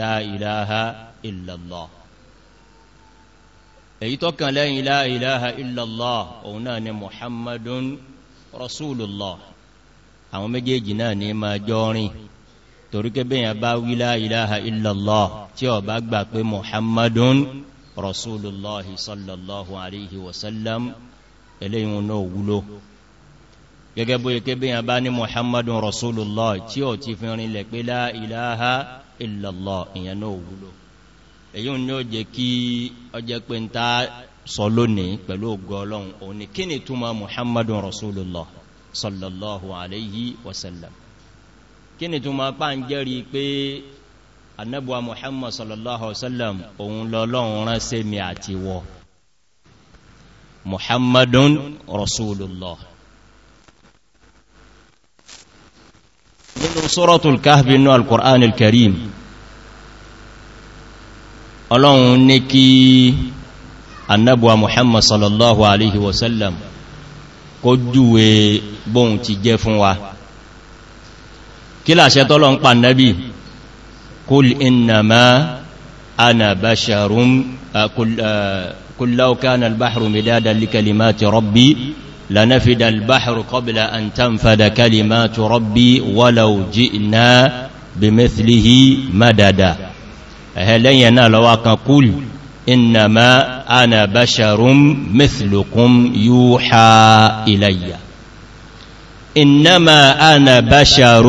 la ilaha illallah èyí tó kàn lẹ́yìn la ilaha illallah òun náà ni muhammadun rasulullah àwọn méjèèjì náà ní ma jọrin toríké bẹ́yàn bá wí la ilaha illallah tí ó bá gbà pé muhammadun rasulullahi sallallahu alaihi wasallam eléyìn náà wúlò gẹ́gẹ́ bóyẹ kébẹ́yàn bá ní muhammadun rasulullah tí ó ti fi rinlẹ̀ pé la ilaha illallah ìyẹn náà wúlò èyí ni ó jẹ́ kí ọjẹ́ pé ń ta sọ lónìí pẹ̀lú ògo ọlọ́run òun ni kí ni túnmọ̀ muhammadun rasulullah sallallahu alayhi wasallam kí ni túnmọ̀ apá ń jẹ́rí pé annabuwa muhammad sallallahu wasallam òun lọ́lọ́run rán sí àti wọ muhammadun rasulullah nínú suratul kahfi nínú al-Qur'an al-Karim ọlọ́run ní kí annabuwa Muhammad sallallahu alaihi wasallam kó júwe bóhun ti jẹ́ fún wa kí láṣẹ tọ́lọ ń pa nábi kul innama ana basharun kullau kana al-bahru midadan li kalimati rabbi لنفد البحر قبل أن تنفد كلمات ربي ولو جئنا بمثله مددا هلينا لواقا قل إنما أنا بشر مثلكم يوحى إلي إنما أنا بشر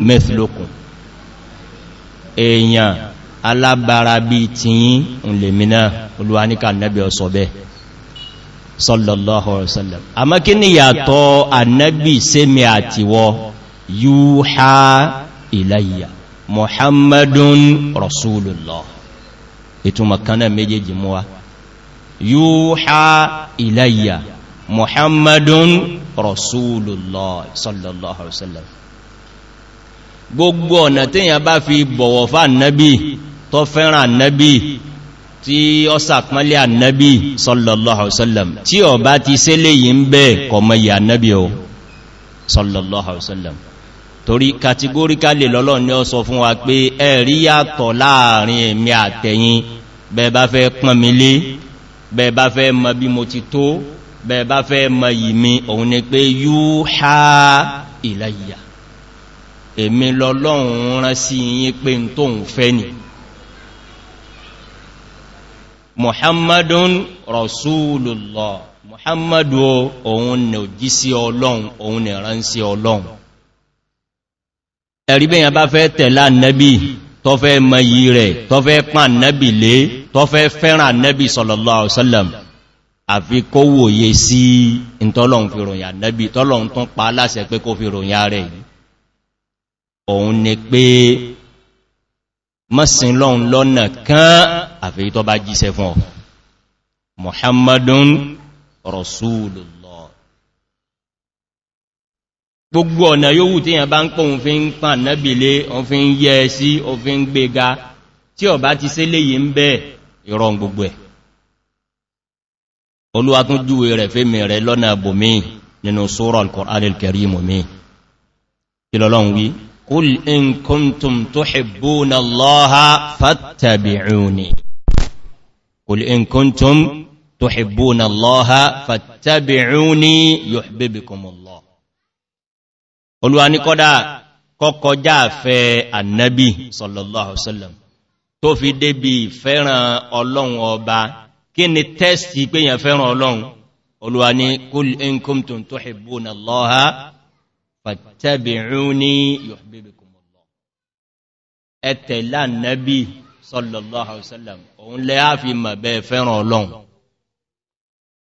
مثلكم إيان alábára bí tí ń lè mìíràn olúwa sallallahu alaihi wasallam àmọ́ kí ni yàtọ̀ annabi sẹ́mi àtiwọ yúhá ilayya muhammadun rasulullah ìtumọ̀ kanáà méjèèjì mú wa yúhá ilayya muhammadun rasulullah sallallahu alaihi wasallam gbogbo ọ̀nà tí yà bá fi bọ̀wọ̀ fà annabi tó fẹ́ràn annabi tí ó sàpánlé ànábì sallallahu alaihi tí ó bá ti sélé yìí ń bẹ́ kọmọ̀yí ànábì o sallallahu alaihi wasallam torí kàtígóríkálè lọ́lọ́ ni ó sọ fún wa pé ẹ̀rí yàtọ̀ láàrin èmi àtẹ̀yìn bẹ́ẹ̀ bá fẹ́ pọ́n mi lé bẹ́ẹ̀ bá fẹ́ mọ bí mo ti tó bẹ́ẹ̀ bá fẹ́ mọ yìí mi òun ni pé yúhá ìlàyà èmi lọ́lọ́run rán sí yín pé ń tóun fẹ́ nìí muhammadun rasulullah muhammadu òun ni òjí sí ọlọ́run òun ni rán sí ọlọ́run ẹ̀rí bẹ́yàn bá fẹ́ tẹ̀lá nẹ́bí tó fẹ́ mọ̀yí rẹ̀ tó fẹ́ pàn nẹ́bí lé tó fẹ́ fẹ́ràn nẹ́bí sallallahu àfi kó wòye sí ìtọ́lọ̀un fi ròyìn ànẹ́bí tọ́lọ̀un tún pa aláṣẹ pé kó fi ròyìn rẹ̀ òun ni pé mọ́sìn lọ́un lọ́nà kan àfihì tó bá jíṣẹ́ fún ọ muhammadun rasulullah gbogbo ọ̀nà yóò tí yàn bá ń pọ̀ òfin ń pà nábìlé òfin yẹ sí òfin gbéga tí ọ̀bá ti sé léyìí ń bẹ́ ìrọ̀n gbogbo ẹ̀ olúwakúnjúwe rẹ̀ fèmì rẹ̀ lọ́nà bòmí nínú sórọ̀ alkọ̀ọ́lẹ̀kẹ̀rí mọ̀mí kí lọ́lọ́run wí قل إن كنتم تحبون الله فاتبعوني قل إن كنتم تحبون الله فاتبعوني يحببكم الله قلوا أني قد kọ́kọ́ jáàfẹ́ annabi sallallahu alaihi wasallam tó fi débi fẹ́ràn ọlọ́run ọba kí ni tẹ́sì pé yẹn fẹ́ràn ọlọ́run olúwa ní kúl in kúmtùn tó hìbùn allaha fàtẹ́bìrúní yọ̀bẹ̀bẹ̀kùnmọ̀lọ́ ẹ̀tẹ̀lá nẹ́bí sallallahu alaihi wasallam òun lẹ́ á fi mọ̀ bẹ́ fẹ́ràn ọlọ́run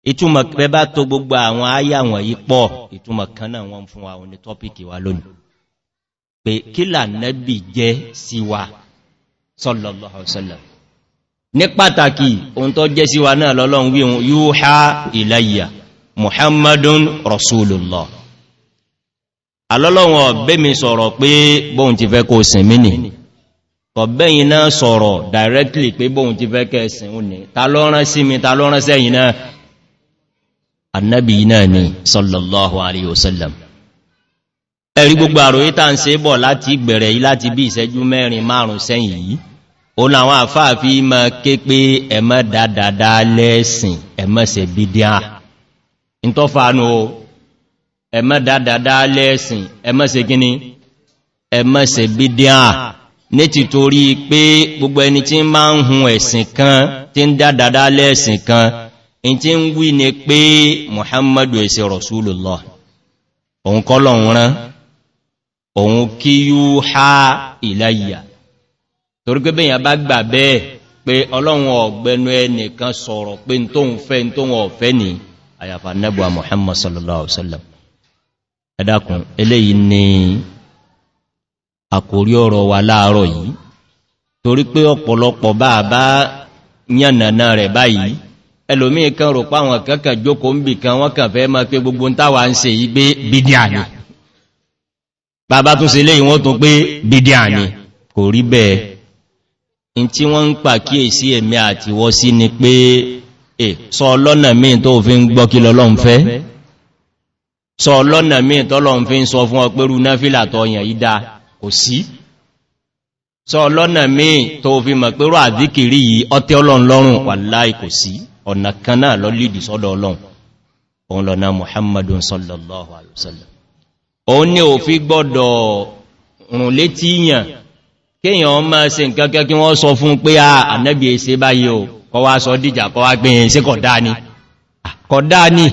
ìtumọ̀ pẹ́ bá tó gbogbo àwọn áyà wọ̀nyí pọ̀ ìtumọ̀ kan náà wọ́n fún wa òní tọ́pìkì sallallahu alaihi wasallam ní pàtàkì ohun tó jẹ́ sí wa náà lọ́lọ́run wíhun yúhá ilayya muhammadun rasulullah alọ́lọ́wọ̀n ọ̀bẹ́ mi sọ̀rọ̀ pé bóhun ti fẹ́ kó sìn mí nì kọ̀bẹ́yìn náà sọ̀rọ̀ directly pé bóhun ti fẹ́ kẹ́ sìn ún ní ta lọ́rán sí mi ta lọ́rán sẹ́yìn náà annabi náà ni sallallahu alayhi wasallam ẹ̀rí gbogbo àròyí tàà ń se bọ̀ láti gbẹ̀rẹ̀ yí láti bí ìṣẹ́jú mẹ́rin márùn-ún sẹ́yìn yìí ó láwọn àfáàfí ma ké ẹmọ́ dáadáa lẹ́ẹ̀sìn ẹmọ́ se gíní ẹmọ́ se bídíà ní ti torí pé gbogbo ẹni tí ma ń hun ẹ̀sìn kan tí ń dáadáa lẹ́ẹ̀sìn kan in ti ń wí ni pé muhammadu ẹ̀sẹ̀ rasulullah òun kọ́lọ̀ rán òun kí yú ha ìlàyà torí pé bẹ́yàn bá gbà bẹ́ẹ̀ pé ọlọ́run ọ̀gbẹnu ẹnìkan sọ̀rọ̀ pé n tóun fẹ́ n tóun ọ̀fẹ́ ni àyàfà nẹ́bùwa muhammad sallallahu alaihi wasallam ẹ̀dàkùn eléyìí ni àkórí ọ̀rọ̀ wà láàárọ̀ yìí torí pé ọ̀pọ̀lọpọ̀ bá bá yànnàná rẹ̀ báyìí ẹlòmí kan rò páwọn kẹ́kẹ́ jókòó ń bì kan wọ́n kàn fẹ́ máa pé gbogbo táwà ń se yìí pé bídíà ni bàbá tún se léyìn wọ́n tún pé bídíà ni kò rí bẹ́ẹ̀ in tí wọ́n ń pàkíyèsí ẹ̀mí àtiwọ́ sí ni pé sọ ọlọ́nà míì tó fi ń gbọ́kí lọ́lọ́mfẹ́ sọ lọ́nà míì tọ́lọ̀n fi ń sọ fún ọpẹ́rú náfílà tọ́yàn ìdá kò sí sọ lọ́nà míì tó fi mọ̀ pẹ́rú àdíkìrí yìí ọtẹ́ ọlọ́run lọ́rùn wà láì kò sí ọ̀nà kan náà sọ́dọ̀ ọlọ́run òun ni ò fi gbọ́dọ̀ rùn létí yàn kéèyàn máa se nǹkan kẹ́ kí wọ́n sọ fún pé a kọ̀dá ni kọ̀dá ni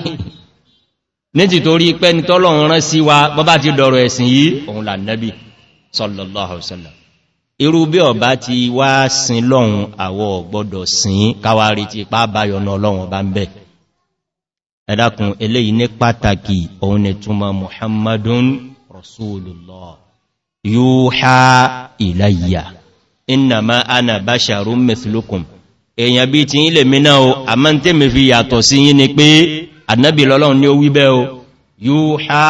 méjì tó rí pẹ́ ní tọ́lọ̀un rán sí wa bọ́bá ti dọ̀rọ̀ ẹ̀sìn yìí òun là nẹ́bì sọ́lọ̀lọ́hùsọ́lọ̀ irú bí ọ̀bá ti wá sin lọ́hun àwọ̀ gbọ́dọ̀ sin káwàrí ti pa báyọ̀nà ọlọ́run ọba ń bẹ̀ ẹ̀dàkùn eléyìí ní pàtàkì òun ni túnmọ̀ muhammadun rasulullah yóò ìlàyà iná ma ana basharun mithlukum èèyàn bí ti ń lè mí náà àmọ́ tẹ́mẹ̀ fi àdínábì lọ́lọ́run ní ó wí bẹ́ o yóò há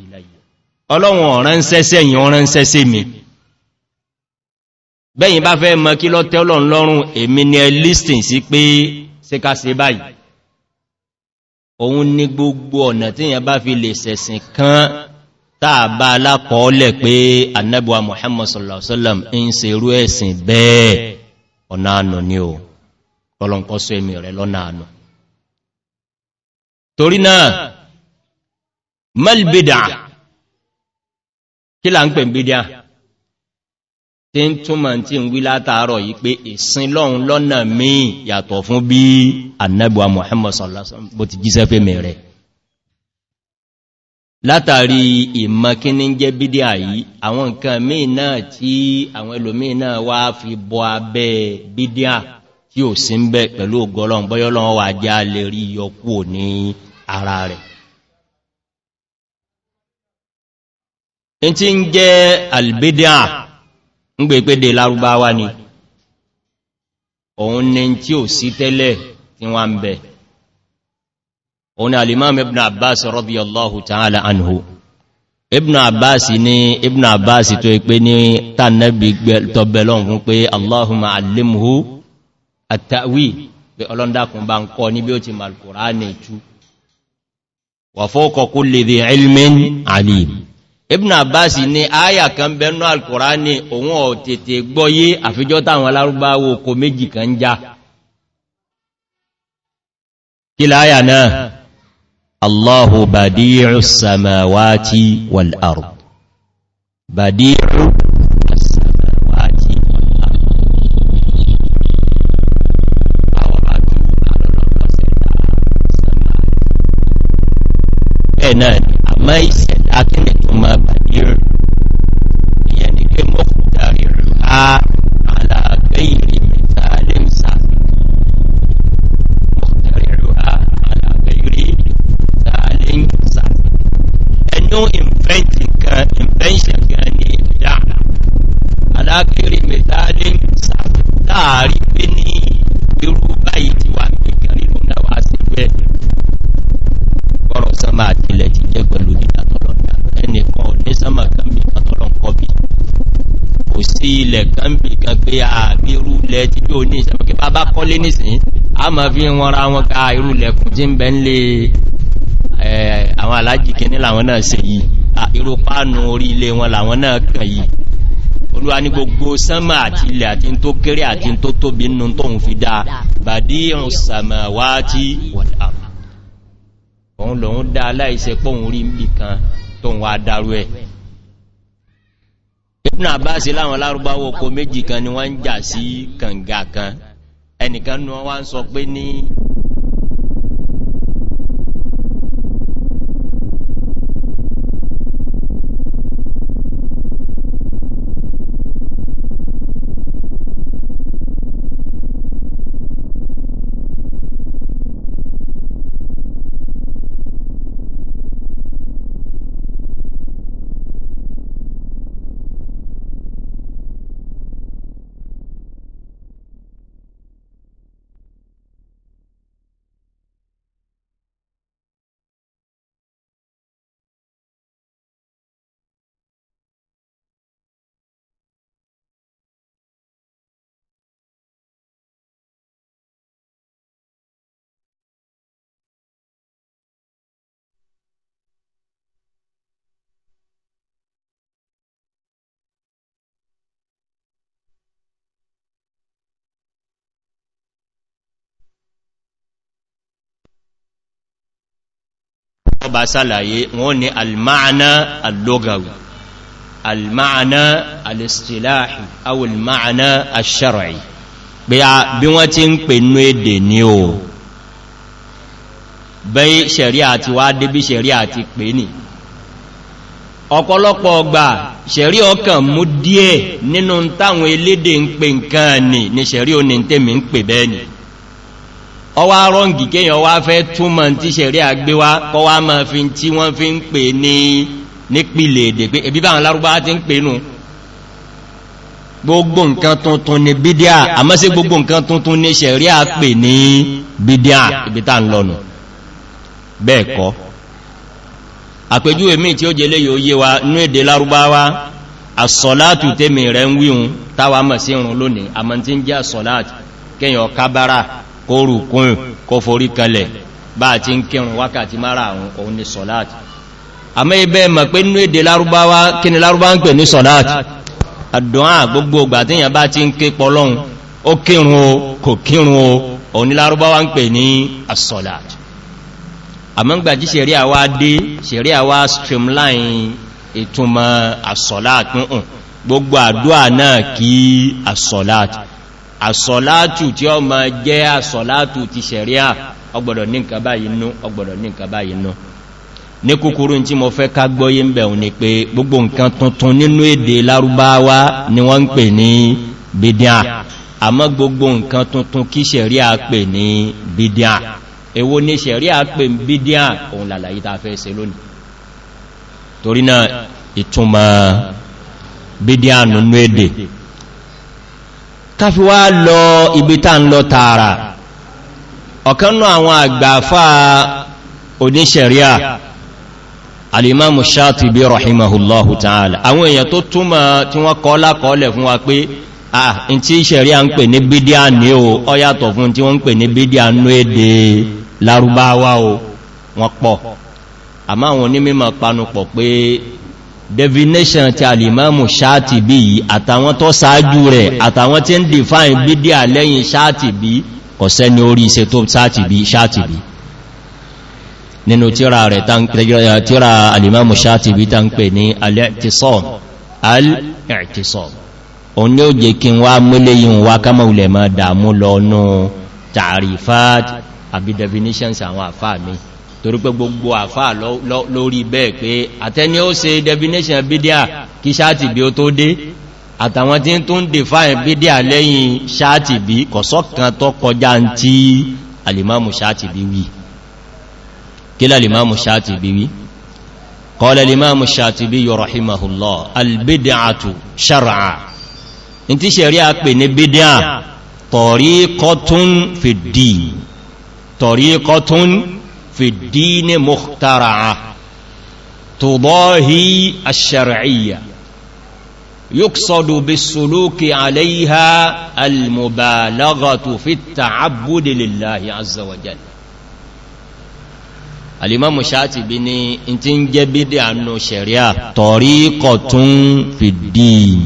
ìlàyé ọlọ́run ọ̀rán sẹ́sẹ́ yìí ọ̀rán sẹ́sẹ́ mi bẹ́yìn bá fẹ́ mọ́ kí lọ tẹ́lọ̀ lọ́rùn èmi ni ẹ listing sí pé síkásí báyìí òun ní gbogbo ọ̀nà tí yẹn bá fi lè sẹ̀sìn kan táà bá alákọọ́lẹ̀ pé annabuwa muhammad sallallahu alaihi wasallam ń se irú ẹ̀sìn bẹ́ẹ̀ ọ̀nà ànà ni ò ọlọ́nkọ́sọ́ èmì rẹ̀ lọ́nà ànà torí náà malbida kí là ń pè bídíà tí ń túnmà tí ń wí látàárọ̀ yí pé ìsin lọ́run lọ́nà míì yàtọ̀ fún bí annabuwa muhammad sallallahu bó ti jíṣẹ́ fẹ́ mẹ́rẹ̀ látàrí ìmọ̀ kí ní jẹ́ bídíà yìí àwọn nǹkan míì náà tí àwọn ẹlòmíì náà wá fi bọ abẹ́ bídíà tí ò sí ń bẹ́ pẹ̀lú ògọ́lọ́n bọ́yọ́lọ́wọ́ wà já lè rí yọkú ní ara rẹ̀ in ti ń jẹ́ albedia ń gbé lárúbáwá ni òun ni tí ò sí tẹ́lẹ̀ tí wọ́n ń bẹ̀ òun ni alimam ibn abbas rọ́bí allahu ta'ala anhu ibn abbas ni ibn abbas tó ipé ní tànàbí tọ́bẹ̀lọ́n fún pé allahumma alimhu at-ta'wi pé ọlọ́ndàkùn bá ń kọ ní bí wà fọ́kọ̀ kó lè dè ilmin alim ibn abbas ni aya kan bẹnu alkùránì òun ọ̀tẹ̀tẹ̀ gbọ́yé àfijọ́ táwọn alárúgbáwò kò méjì kan já kí láyà náà allahu badi'u samawati wal ard náà ni àmọ́ ìṣẹ̀dá kí ni tó máa bàdírù ìyẹn ni pé mọ́ kò dárí sá mọ́ dárí rà invention kan ni ìdá àlàgbé ìrì mẹ́ta sá láàrí ilẹ̀ tí ó ní ìṣẹ̀mọ̀kí bàbá kọ́lé nìsìn a ma fi wọn ra wọn ká irú lẹ́kùn tí ń bẹ ń lè àwọn alájì kìíní làwọn náà se yìí irú pánu orí ilé wọn làwọn náà kàn yìí olúwa ní gbogbo sánmà àti ilẹ̀ àti tó kéré àti tó tóbi nínú tóhun fi dáa bàdí ìrùn sàmàwá tí wọ̀dá òun dá aláìsẹ́ pọ̀hun rí tóhun wá dárú ẹ̀ ibn abbas láwọn lárúbáwọ́ oko méjì kan ni wọ́n ń jà sí kànga kan ẹnìkan wọ́n wá ń sọ pé ní bá sálàyé wọ́n ni almáàna allogawi almáàna alistilahi aw almáàna ashar'i bí wọ́n ti ń pè nú èdè ní o bẹ́yí ṣẹ̀rí àti wá débí ṣẹ̀rí àti pè ní ọ̀pọ̀lọpọ̀ ọgbà ṣẹ̀rí ọkàn mú díẹ̀ nínú táwọn elédè ń pè nǹkan ní ni ṣẹ̀rí ní tèmi ń pè bẹ́ẹ̀ ni ọwá rọ́ǹgì kéyàn wá fẹ́ túnmọ̀ tí sẹ̀rí àgbéwá kọ́ wá mọ́ fi tí wọ́n fi ń pè ní nípìlẹ̀ èdè pé ẹbí báwọn lárúbá ti ń pè nù gbogbo nǹkan tuntun ni bídíà àmọ́ sí gbogbo nǹkan tuntun ni sẹ̀rí à pè ní bídíà ibi tá ń lọ́nà bẹ́ẹ̀ kọ́ àpèjúwe míì kẹyàn kábára kó rùkún kó forí kalẹ̀ bá ti ń kírùn wákàtí mara àwọn òun ni sọ̀láàtì àmọ́ ibẹ́ mọ̀ pé nínú èdè lárúbáwá kí ni lárúbá ń pè ní sọ̀láàtì àdùnà gbogbo ògbà tí yàn bá ti ń ké pọlọ́un ó kírùn ni lárúbáwá ń pè ní asọ̀láàtì àmọ́ ń streamline ìtumọ̀ asọ̀láàtì gbogbo àdúà náà àsọ̀látù tí ó ma jẹ́ àsọ̀látù ti ṣẹ̀ríà ọgbọ̀dọ̀ ní nǹkan báyìí nú ọgbọ̀dọ̀ ní nǹkan báyìí nú ní kúkúrú tí mo fẹ́ ká gbọ́yé ń bẹ̀rún ni pé gbogbo nǹkan tuntun nínú èdè lárúbáwá ni wọ́n ń pè ní bidia àmọ́ gbogbo nǹkan tuntun kí ṣẹ̀ríà pè ní bidia èwo ni ṣẹ̀ríà pè ní bidia òun làlàyé ta fẹ́ ṣe lónìí torí náà ìtumọ̀ bidia nínú èdè káfí wá lọ ibi tá ń lọ tààrà ọ̀kanú àwọn àgbàfà oníṣẹ̀ríà alìmáàmù Ṣáàtìbí rahimahullahu ta'ala àwọn èèyàn tó túnmà tí wọ́n kọ́ lákọọ́lẹ̀ fún wa pé ah in tí ṣẹ̀ríà ń pè ní bídíà ní o ọ yàtọ̀ fún tí wọ́n ń pè ní bídíà ní èdè Lárúbáwá o wọ́n pọ̀ àmá àwọn onímọ̀ panupọ̀ pé definition ti alimamu ṣáàtì bí àtàwọn tó sáájú rẹ̀ àtàwọn tí ń define bídíà lẹ́yìn ṣáàtì bí kọ̀sẹ́ ni orí iṣẹ́ tó ṣáàtì bí ṣáàtì bí nínú tíra rẹ̀ tíra alimamu ṣáàtì bí ta ń pè ní al-i'tisam al-i'tisam òun ni ó torípé gbogbo àfá lórí bẹ́ẹ̀ pé àtẹni ó ṣe definition bídíà kí ṣáàtì bí ó tó dé àtàwọn tí ń tún define bídíà lẹ́yìn ṣáàtì bí kọ̀sọ́kan tó kọjá ń tí alìmáàmù ṣáàtì bí wí kí lálìmáàmù ṣáàtì bí wí قال الإمام الشاتبي رحمه الله البدعة شرعا انت شريعة بني طريقة في الدين طريقة في الدين مخترعة تضاهي الشرعية يقصد بالسلوك عليها المبالغة في التعبد لله عز وجل الإمام الشاتبي ni in ti ń jẹ́ bídí àánú ṣẹ̀ríà tariqatun fi ddin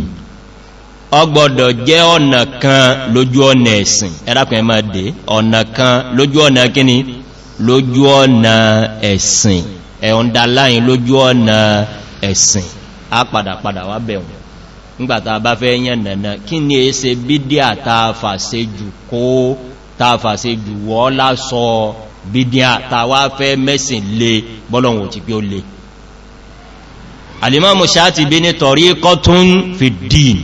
ọgbọ̀dọ̀ jẹ́ ọ̀nà kan lójú ọ̀nà ẹ̀sìn ẹ̀rákùnrin máa dé ọ̀nà kan lójú ọ̀nà kíni lójú ọ̀nà ẹ̀sìn ẹ̀ọ̀ndaláyìn lójú ọ̀nà ẹ̀sìn a padà padà wá bẹ̀wọ̀n nígbàtà bá fẹ́ yẹn nànà kí ni è ṣe bídíà tààfàṣejù kó tààfàṣejù wọ́ lásọ bídíà tàwà fẹ́ mẹ́sìn lè bọ́lọ̀wọ̀n ti pé ó lè alìmọ́mù sáti bí nítorí kọ́tún fi dìn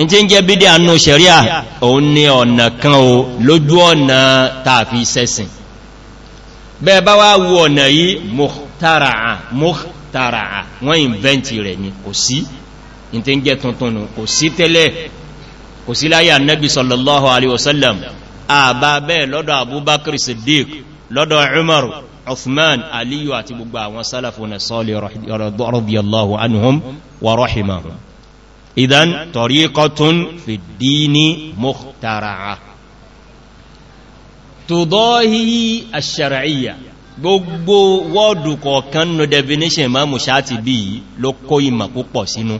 in ti ń jẹ́ bídíà nù sẹ̀ríà òun ni ọ̀nà kan o lójú ọ̀nà tààfi sẹ́sìn bẹ́ẹ̀ bá wá wo ọ̀nà yìí mọ̀tàràà mọ̀tàràà wọ́n ìnvẹ́ntì rẹ̀ ni kò sí in tí ń jẹ́ tuntun nù kò sí tẹ́lẹ̀ kò sí láyé annabi sallallahu alaihi wasallam àbá bẹ́ẹ̀ lọ́dọ̀ abubakar siddiq lọ́dọ̀ umar uthman aliyu àti gbogbo àwọn sálàfún tùdọ́hìí àṣàràíyà gbogbo wọ́ọ̀dù kọ̀ọ̀kan nù definition ma mú ṣáàtì bí i ló kó ìmọ̀ púpọ̀ sínú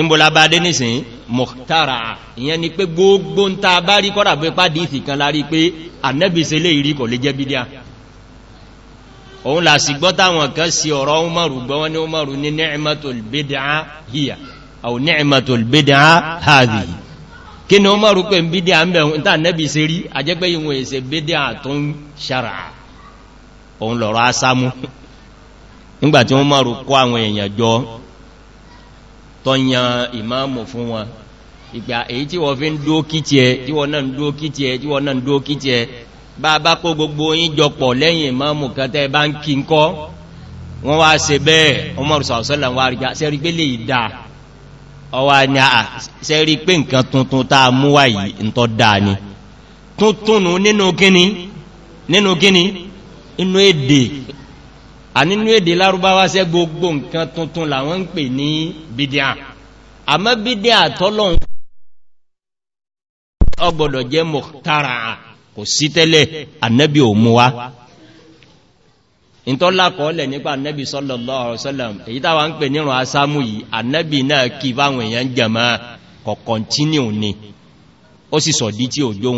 ìbòlábádé nìsìn mọ̀tàrà ìyẹn ni pé gbogbo ń ta bá rí kọ́rà pé pàdé ìfì kan lárí pé ànẹ́bìsẹ́ lè rí kò lè jẹ́ bídíà òun là sì gbọ́ táwọn kan sí ọ̀rọ̀ umaru gbọ́ wọn ni ní nẹ́ẹ̀mọ́tòlbédà hìyà kini ni ó mọ́ rú pé bídí à ń bẹ̀rún tàà nẹ́bì rí àjẹ́gbẹ́ ìwọ̀n bídí à tó ń ṣàrà òun lọ̀rọ̀ asámú nígbàtí wọ́n mọ́ rú àwọn èèyàn jọ tọ́yan ìmáàmù fún wọn fi ń dúó kíti ẹ tí wọ́n náà ń dúó kíti ẹ bá bá kó gbogbo yín jọpọ̀ lẹ́yìn ìmáàmù kẹtẹ́ bá ń kí ń kọ́ wọ́n wá bẹ́ẹ̀ ọwà a àà rí pé nǹkan tuntun ta múwà yìí ń tọ́ dáa ni tuntunu nínú gíní inú èdè a nínú èdè lárúbáwá sẹ́ gbogbo nǹkan tuntun làwọn ń pè ní bidian àmọ́ bidian tọ́lọ́un ọgbọ̀dọ̀ jẹ́ tara kò sí tẹ́lẹ̀ annabi wa. ìtọ́lákọọ́lẹ̀ nípa annabi sallallahu alaihi wasallam èyí tàwà ń pè nírùn asámú yìí annabi náà kí báwọn èèyàn jẹma kọ̀ kọ̀ntíníù ni ó sì sọ̀dí tí ò jó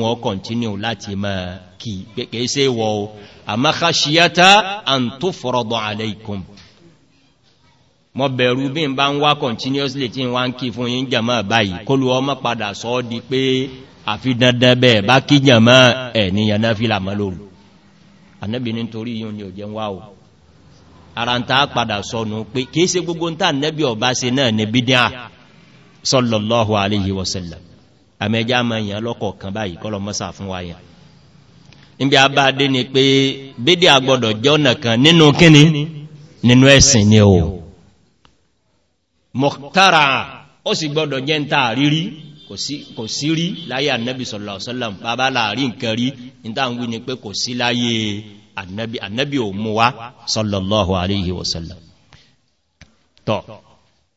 ma kí pẹ̀kẹ́ sí wọ o àmá khashiyata an tufrada alaykum mọ́ bẹ̀rù bí n bá ń wá continuously tí wá ń kí fún yín jẹma báyìí kó lu ọmọ padà sọ́ di pé àfi bá kí jẹma ẹ̀ níyànáfílà mọ́ lóru ànẹ́bì ní torí yíò ní òjẹ́ wá o ara ń ta padà sọnù pé kìí se gbogbo ń ta ànẹ́bì ọba se náà ní bídíà sọlọ̀lọ́hù aléyìí wọ́sẹ̀lẹ̀ àmẹ́já ma yàn lọ́kọ̀ kan báyìí kọ́lọ mọ́sà fún wa yàn níbi abáadé ni pé bídíà gbọ́dọ̀ jẹ́ ọ̀nà kan nínú kíni nínú ẹ̀sìn ni o mọ̀tara ó sì gbọ́dọ̀ jẹ́ ń ta àrírí kò sí rí láyé ànábì sọ̀lọ̀ sọ́lọ̀m bàbá láàrí nǹkan rí níta ń wí ni pé kò sí láyé ànábì ànábì ò mú wá sọ̀lọ̀lọ́hù àríhì wọ̀sọ̀lọ̀ tọ́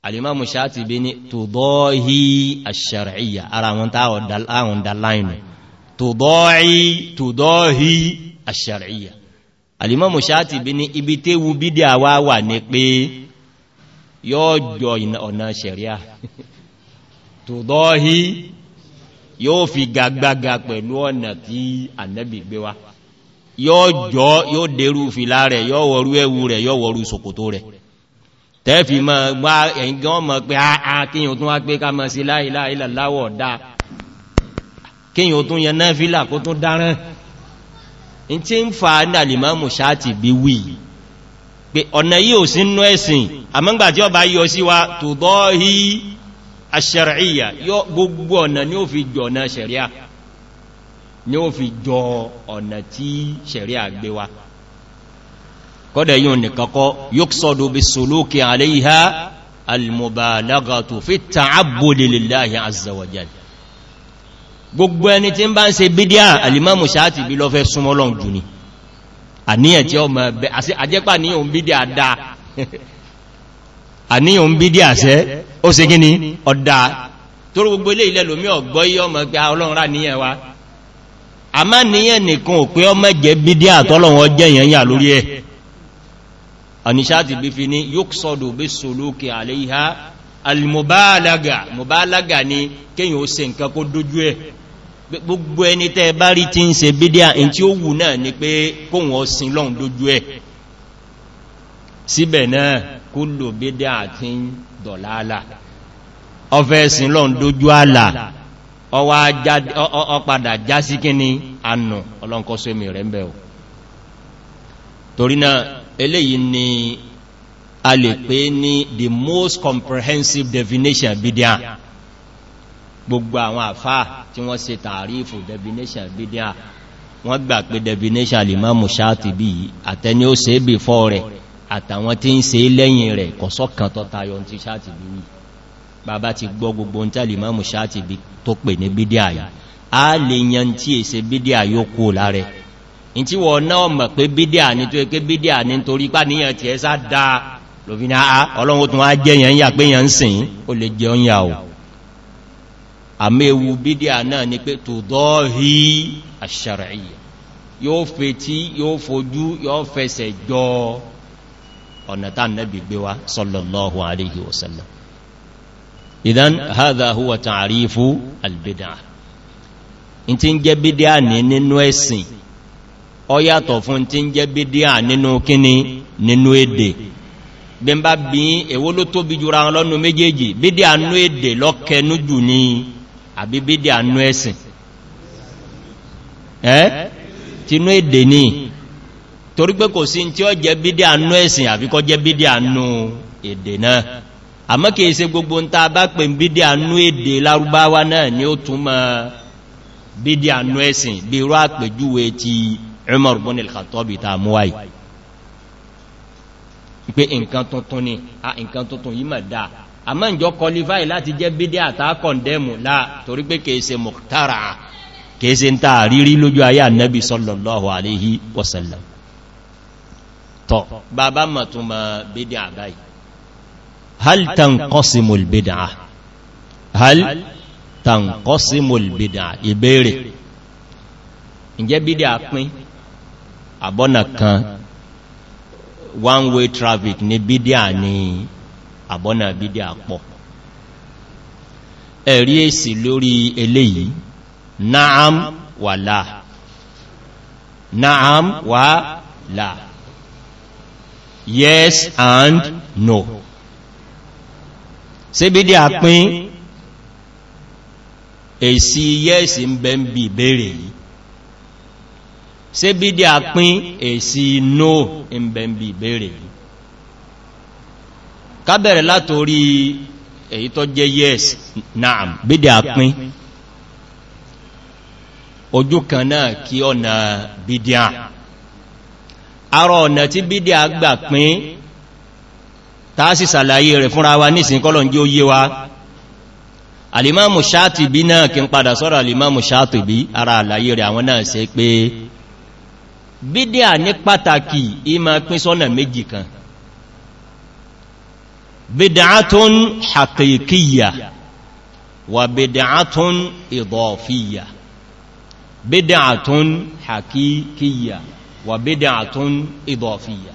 alimamu ṣáàtì bí ní tùbọ́hí àṣàríyà ara wọn táwọn dalainu tùbọ́hí àṣàríyà alimamu ṣáàtì bí ní ibi tẹ́wu bídí àwá wà ní pé yóò jọ ọ̀nà ṣẹ̀ríà tùdọ́hí yóò fi gagbaga pẹ̀lú ọ̀nà tí ànẹ́bì gbé wá yóò jọ yóò dérú fìlà rẹ̀ yóò wọrú ẹwú rẹ̀ yóò wọrú sòkòtò rẹ̀ tẹ́fì mọ́ gbá ẹ̀yìngán mọ̀ pé àà ah, ah, kíyàn tún wá pé ká mọ̀ sí láìláìláwọ̀ dáa kíyàn tún yẹ náà fílà kó tún àṣẹ̀rẹ̀íyà yọ gbogbo ọ̀nà ni ó fi jọ ọ̀nà ṣẹ̀ríà ni ó fi jọ ọ̀nà tí ṣẹ̀ríà gbé wa kọ́dẹ̀ yíò nìkankọ́ yóò sọ́dọ̀ bí solókè àléhà almubalagatu fi ta'abbudi lillahi àníyàn tí ọmọ ó se gíní ọ̀dá tó gbogbo ilé ilẹ̀ lómí ọ̀gbọ́ yí ọmọ pé ọlọ́run rà níyẹn wa a má níyẹn nìkan ò pé ọmọ jẹ́ bídí àtọ́lọ́run ọjẹ́ èèyàn yà lórí ẹ̀ ọ̀nìṣáàtì bí fi ní yóò sọ́dọ̀ bí solókè àléhá alìmọ̀báàlágà mọ̀báàlágà ni kéyàn ó se nǹkan kó dójú ẹ̀ gbogbo ẹni tẹ́ bá rí tí ń se bídí à ń tí ó wù náà ni pé kóhun ọsìn lọ́hun dójú ẹ̀ síbẹ̀ náà kó lò bídí àti dọ̀láàlà ọfẹ́ ẹ̀sìn lọ ń dójú àlà ọpadà já sí kí ni ànà ọlọ́nkọ́sọ́mì rẹ̀ ń bẹ̀ ò torí náà eléyìí ni a lè pé ní the most comprehensive definition bidia gbogbo àwọn àfáà tí wọ́n se tààrífù definition bidia wọ́n gbà pé definition alimamu sáàtì bí àtẹni ó se bí fọ́ rẹ̀ àtàwọn tí ń ṣe lẹ́yìn rẹ̀ kọ̀sọ́kan tó tayọ ti Ṣáàtìbí wí bàbá ti gbọ́ gbogbo ń tàlì máa mú Ṣáàtìbí tó pè ní bídíà yìí a lè yan tí è ṣe bídíà yóò kó láre in tí wọ́n náà mọ̀ pé bídíà ní tó ẹgbẹ́ bídíà ní torí pá níyàn tí ẹ sá dáa lòfin àá ọlọ́run tún wá jẹ́ yẹn yà yóò fẹ́ tí yóò fojú yóò fẹsẹ̀ jọ ọ̀nà tá nẹ́bì gbé wa sallallahu alayhi wa sallam idan hadha huwa ta'rifu albid'ah in tí ń jẹ́ bid'ah ní nínú ẹ̀sìn ó yàtọ̀ fún tí ń jẹ́ bid'ah nínú kíni nínú èdè bí n bá bí èwo ló tóbi jura lọ́nu méjèèjì bid'ah nínú èdè lọ́kẹnú jù ní àbí bid'ah nínú ẹ̀sìn ẹ́ tinú èdè ní torí pé kò sí tí ó jẹ́ bídí ànú ẹ̀sìn àfikọ́ jẹ́ bídí ànú èdè náà àmọ́ kìí ṣe gbogbo ń ta bá pè bídí ànú èdè lárúbáwá náà ni ó túnmọ̀ bídí ànú ẹ̀sìn bí irú àpèjúwe ti umar bin al-khattabi ta muwai pé nǹkan tuntun ni a nǹkan tuntun yìí mà dáa àmọ́ ìjọ kọlifáì láti jẹ́ bídí àtàkọ̀ndẹ́mù láà torí pé kìí ṣe mọ̀tàrà kìí ṣe ń ta àrírí lójú ayé ànẹ́bì sọ́lọ̀lọ́hù àríhí wọ́sẹ̀lẹ̀ tọ̀ bàbá mọ̀ tún ma bídí àbáyì hal tankosimul bídá hal tankosimul bídá ìbéèrè ìjẹ́ bídí àpín àbọ́nà kan one way traffic ní bídí àní àbọ́nà bídí àpọ̀ ẹ̀rí èsì lórí eléyìí na'am wà láà na'am wà láà yes and no Se bí dí àpín èsì yes ń bẹ ń bí ìbéèrè yìí ṣe bí dí no ń bẹ ń bí ìbéèrè yìí kábẹ̀rẹ̀ látorí èyí tó yes naam bí dí àpín ojú kan náà kí ọ̀nà bídíà àrọ ọ̀nà tí bídí àgbà pín tàásì sàlàyé rẹ̀ fúnra wa nísìn kọ́lọ̀ ń jí ó yé wa alìmáàmù sáàtìbí náà kí n padà sọ́rọ̀ alìmáàmù sáàtìbí ara àlàyé rẹ̀ àwọn náà se pé bídí à ní pàtàkì ìmá pín sọ́nà méjì kan bídáàtún hàkìkíyà wà bídí àtún ìdọ̀fíyà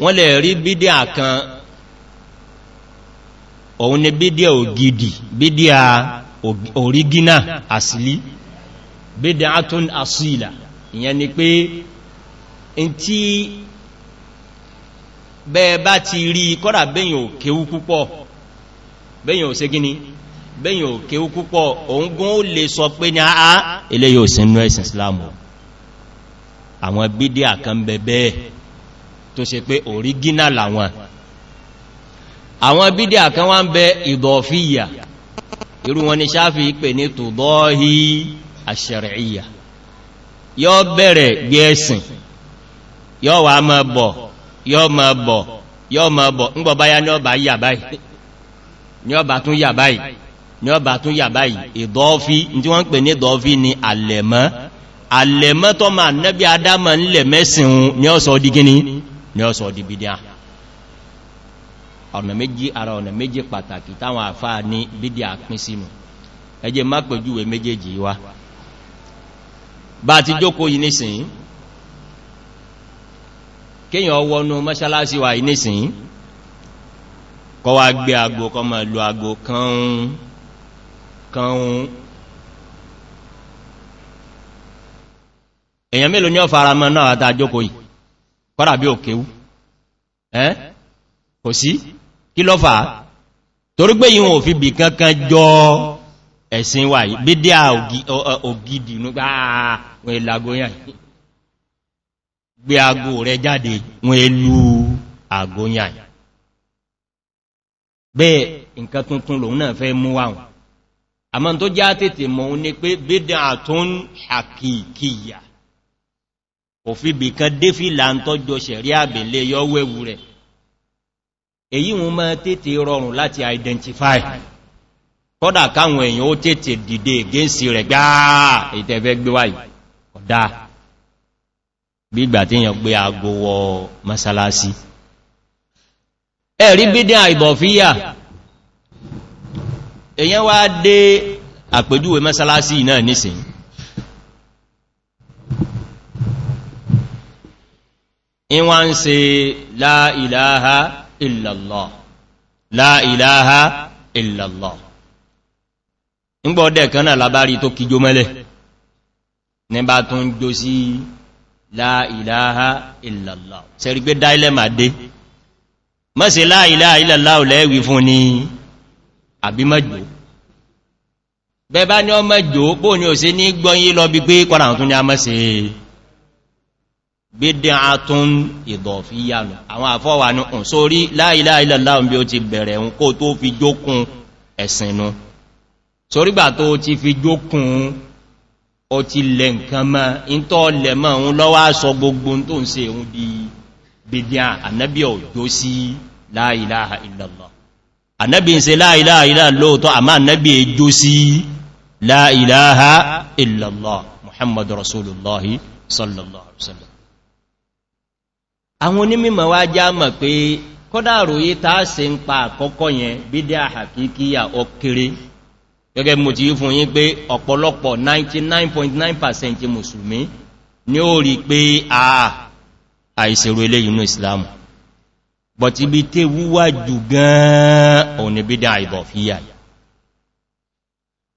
wọ́n lè rí bídí àkan òun ni bídí ògidì bídí à òrígínà àsìlí bídí àtún àsìlà ìyẹn ni pé in tí bẹ́ẹ̀ bá ti rí kọ́dà bẹ́yìn ò púpọ̀ bẹ́yìn ò bẹ́yìn ò púpọ̀ òun gún ó lè sọ pé ní àá ilé yóò sínú ẹ̀sìn islam àwọn bídí àkan bẹ̀bẹ̀ tó ṣe pé original àwọn àwọn bídí àkan wá ń bẹ ìdọ̀fíyà irú wọn ni sáfì pè ní tòdọ́hí àṣẹ̀rẹ̀íyà yọ bẹ̀rẹ̀ gẹ́ẹ̀sìn yọ wà mọ́ bọ̀ yọ mọ́ bọ̀ yọ mọ́ bọ̀ ń gbọ́ báyá ní ọba yà báyìí ní ọba tún yà báyìí ní ọba tún yà báyìí ìdọ́fí ní tí wọ́n ń pè ní ìdọ́fí ni àlẹ̀mọ́ alẹ̀mọ́tọ́ ma nẹ́bí adáma ń lẹ̀ mẹ́sìn ní ọ̀sọ̀ di gíní ní ọ̀sọ̀ di bídíà ọ̀nà méjì ara ọ̀nà méjì pàtàkì táwọn àfá ní bídíà pín sínú ẹjẹ́ má pẹ̀júwẹ̀ méjèèjì wá bá ti jókó yìí èyàn mélòó ní ọ̀fà aramọ náà àtàjókò yìí bí òkèwú kò sí kí torí pé yíò ò fi bì kankan jọ ẹ̀sìn wà yìí bí ògidì nígbà àwọn gbé rẹ jáde wọn tuntun lòun náà fẹ́ mú àmọ́ tó já tètè ní pé kò fi bì kan défìlà ń tọ́jọ ṣẹ̀rí àbìlẹ̀ yọ́wẹ́wù rẹ̀ èyí wọn mọ́ tètè rọrùn láti identify kọ́dà káwọn èèyàn ó tètè dìde gẹ́ẹ̀sì rẹ̀ gbáà ìtẹ́fẹ́ gbéwàí ọ̀dá gbígbà tí èèyàn gbé aago wọ masalasi ẹ̀rí bídín àìbọ̀fíyà èèyàn masalasi náà nísìnyí in wa ń se láìláha ìlàlọ́ láìláha ìlàlọ́ ń gbọ́ ọdẹ̀ kan náà labari tó kíjó mẹ́lẹ̀ ní bá tún jó sí láìláha ìlàlọ́ sẹ́rí pé dáilẹ̀ máa dé mọ́ sí láìláha ìlàlọ́ lẹ́wì fún ni àbí mẹ́jọ bẹ́bá ní ọmọ ìjò bóò ni ò sí ní gbọ́nyí lọ bí pé kọ́nà tún ní a mọ́ sí bídíàtún ìdọ̀fíyànù àwọn àfọ́wà ní ọ̀n sórí láìláìláìláàun bí ó ti bẹ̀rẹ̀ ń kó tó fi jókun ẹ̀sìnú sorígbà tó ti fi jókun ó ti lẹ nǹkan mọ́ in tó lẹ mọ́ òun lọ́wọ́ aṣọ gbogbo tó ń se òun di bídíà ànábí òjò sí láìláìláà e illallah muhammadu rasulullahi sallallahu alaihi wasallam àwọn onímọ̀ wá já mọ̀ pé kọ́dà ròyé tàà se ń pa àkọ́kọ́ yẹn bídẹ́ àhàkíkíyà ọkẹrẹ gẹ́gẹ́ mo ti fún yí pé ọ̀pọ̀lọpọ̀ 99.9% musulmi ni ó rí pé a àìsèrò ilé inú islam bọ̀tí bí tẹ́ wúwá jù gan-an òní bídẹ́ àìbọ̀fíyà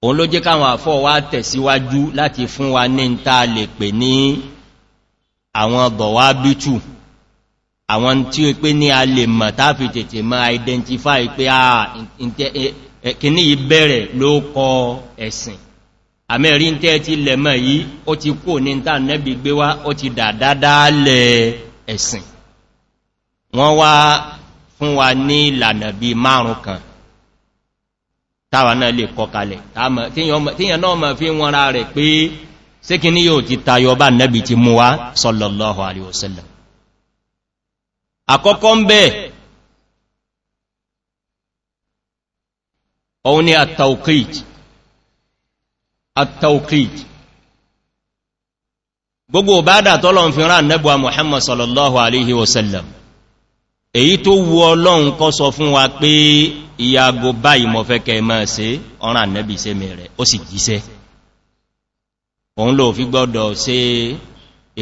òun ló jẹ́ káwọn àfọ́ wá tẹ̀síwájú láti fún wa ní ń ta lè pè ní àwọn bọ̀wá bítù àwọn tí ó pé ní a lè mọ̀ táàfi tètè máa identify pé a kìní yìí bẹ̀rẹ̀ ló kọ ẹ̀sìn àmẹ́rí ń tẹ́ ti lẹ̀mọ̀ yìí ó ti kò ní tà nẹ́bí gbé wá ó ti dàdádálẹ̀ ẹ̀sìn wọ́n wá fún wa ní ìlànà bí márùn kan táwà lè kọ tíyàn náà mọ̀ fi àkọ́kọ́ ń bẹ́ẹ̀ òun ni àtàukrit àtàukrit gbogbo bádà tọ́lọ̀ fi rán nẹ́bùwa muhammad sallallahu alaihi wasallam èyí tó wu ọlọ́run kọ́ sọ fún wa pé ìyàgò báyìí mọ̀fẹ́kẹ́ máa se ọ̀rán nẹ́bì se mẹ́rẹ̀ ó sì jíṣẹ́ òun lò fi gbọ́dọ̀ se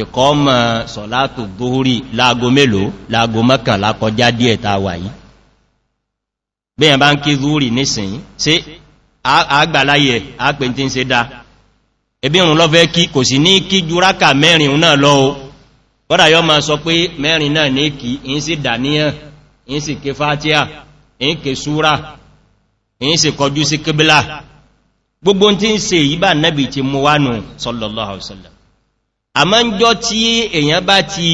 ìkọ́ mọ̀ sọ̀látò dóórí láago mélòó láago mọ́kànlá kọjá díẹ̀ ta wà yìí bí bá ń kí dóórí nísìn sí àgbàláyẹ̀ àpè ń se dá ẹbí ìrùn lọ́fẹ́ kí kò sí ní kí júráka mẹ́rin náà lọ o kọ́dà yọ ma sọ pé mẹ́rin náà ní kí in sì dàníyàn in sì ké fatia in ké súra in sì kọjú sí kébílà gbogbo tí ń se yíbà nẹ́bì ti mú wánu sọ́lọ́lọ́ a máa ń jọ tí èyàn bá ti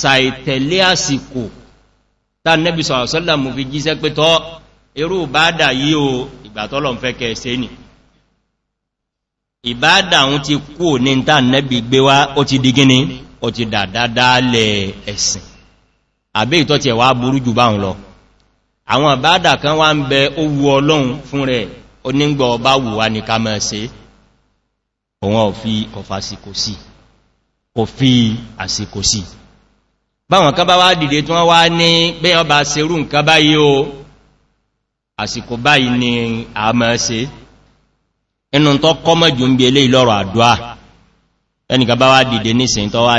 sàìtẹ̀lé àsìkò tá nẹ́bí sọ̀rọ̀sọ́lá mú fi jíṣẹ́ pé tọ́ irú báadà yí o ìgbàtọ́lọ̀ ń fẹ́ kẹsẹ́ nì ìbáadà ń ti kú ní tá nẹ́bí gbé wá ó ti di gíní ó ti dàdádálẹ̀ ẹ̀sìn òun ọ̀fí ọ̀fà àsìkò sí kò fi àsìkò sí báwọn kan bá wá dìde tí wọ́n wá ní pé ọba serú nǹkan báyìí o àsìkò báyìí ni a mọ́ ṣe inú tó kọ́mọ̀ jù ń bí ilé ìlọ́rọ̀ àdúà ẹnìkan bá wá dìde ní àdúà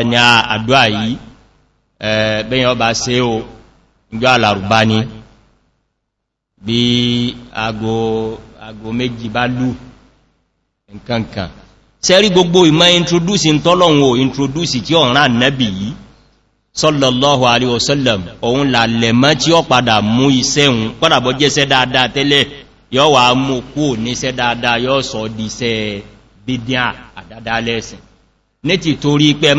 nkankan sẹ́rí gbogbo ìmọ̀ introduce ń tọ́lọ̀wò introduce tí ọ̀rán nẹ́bì yìí sọ́lọ̀lọ́hù àríwọ̀sọ́lọ̀m òun làlẹ̀mọ́ tí ó padà mú iṣẹ́ hun pọ́dàbọ́ jẹ́sẹ́ dáadáa tẹ́lẹ̀ yọ́ wà mú kú níṣẹ́ dáadáa yọ́ sọ díṣẹ́ bídíà àdáadáa lẹ́sìn ní ti torí pé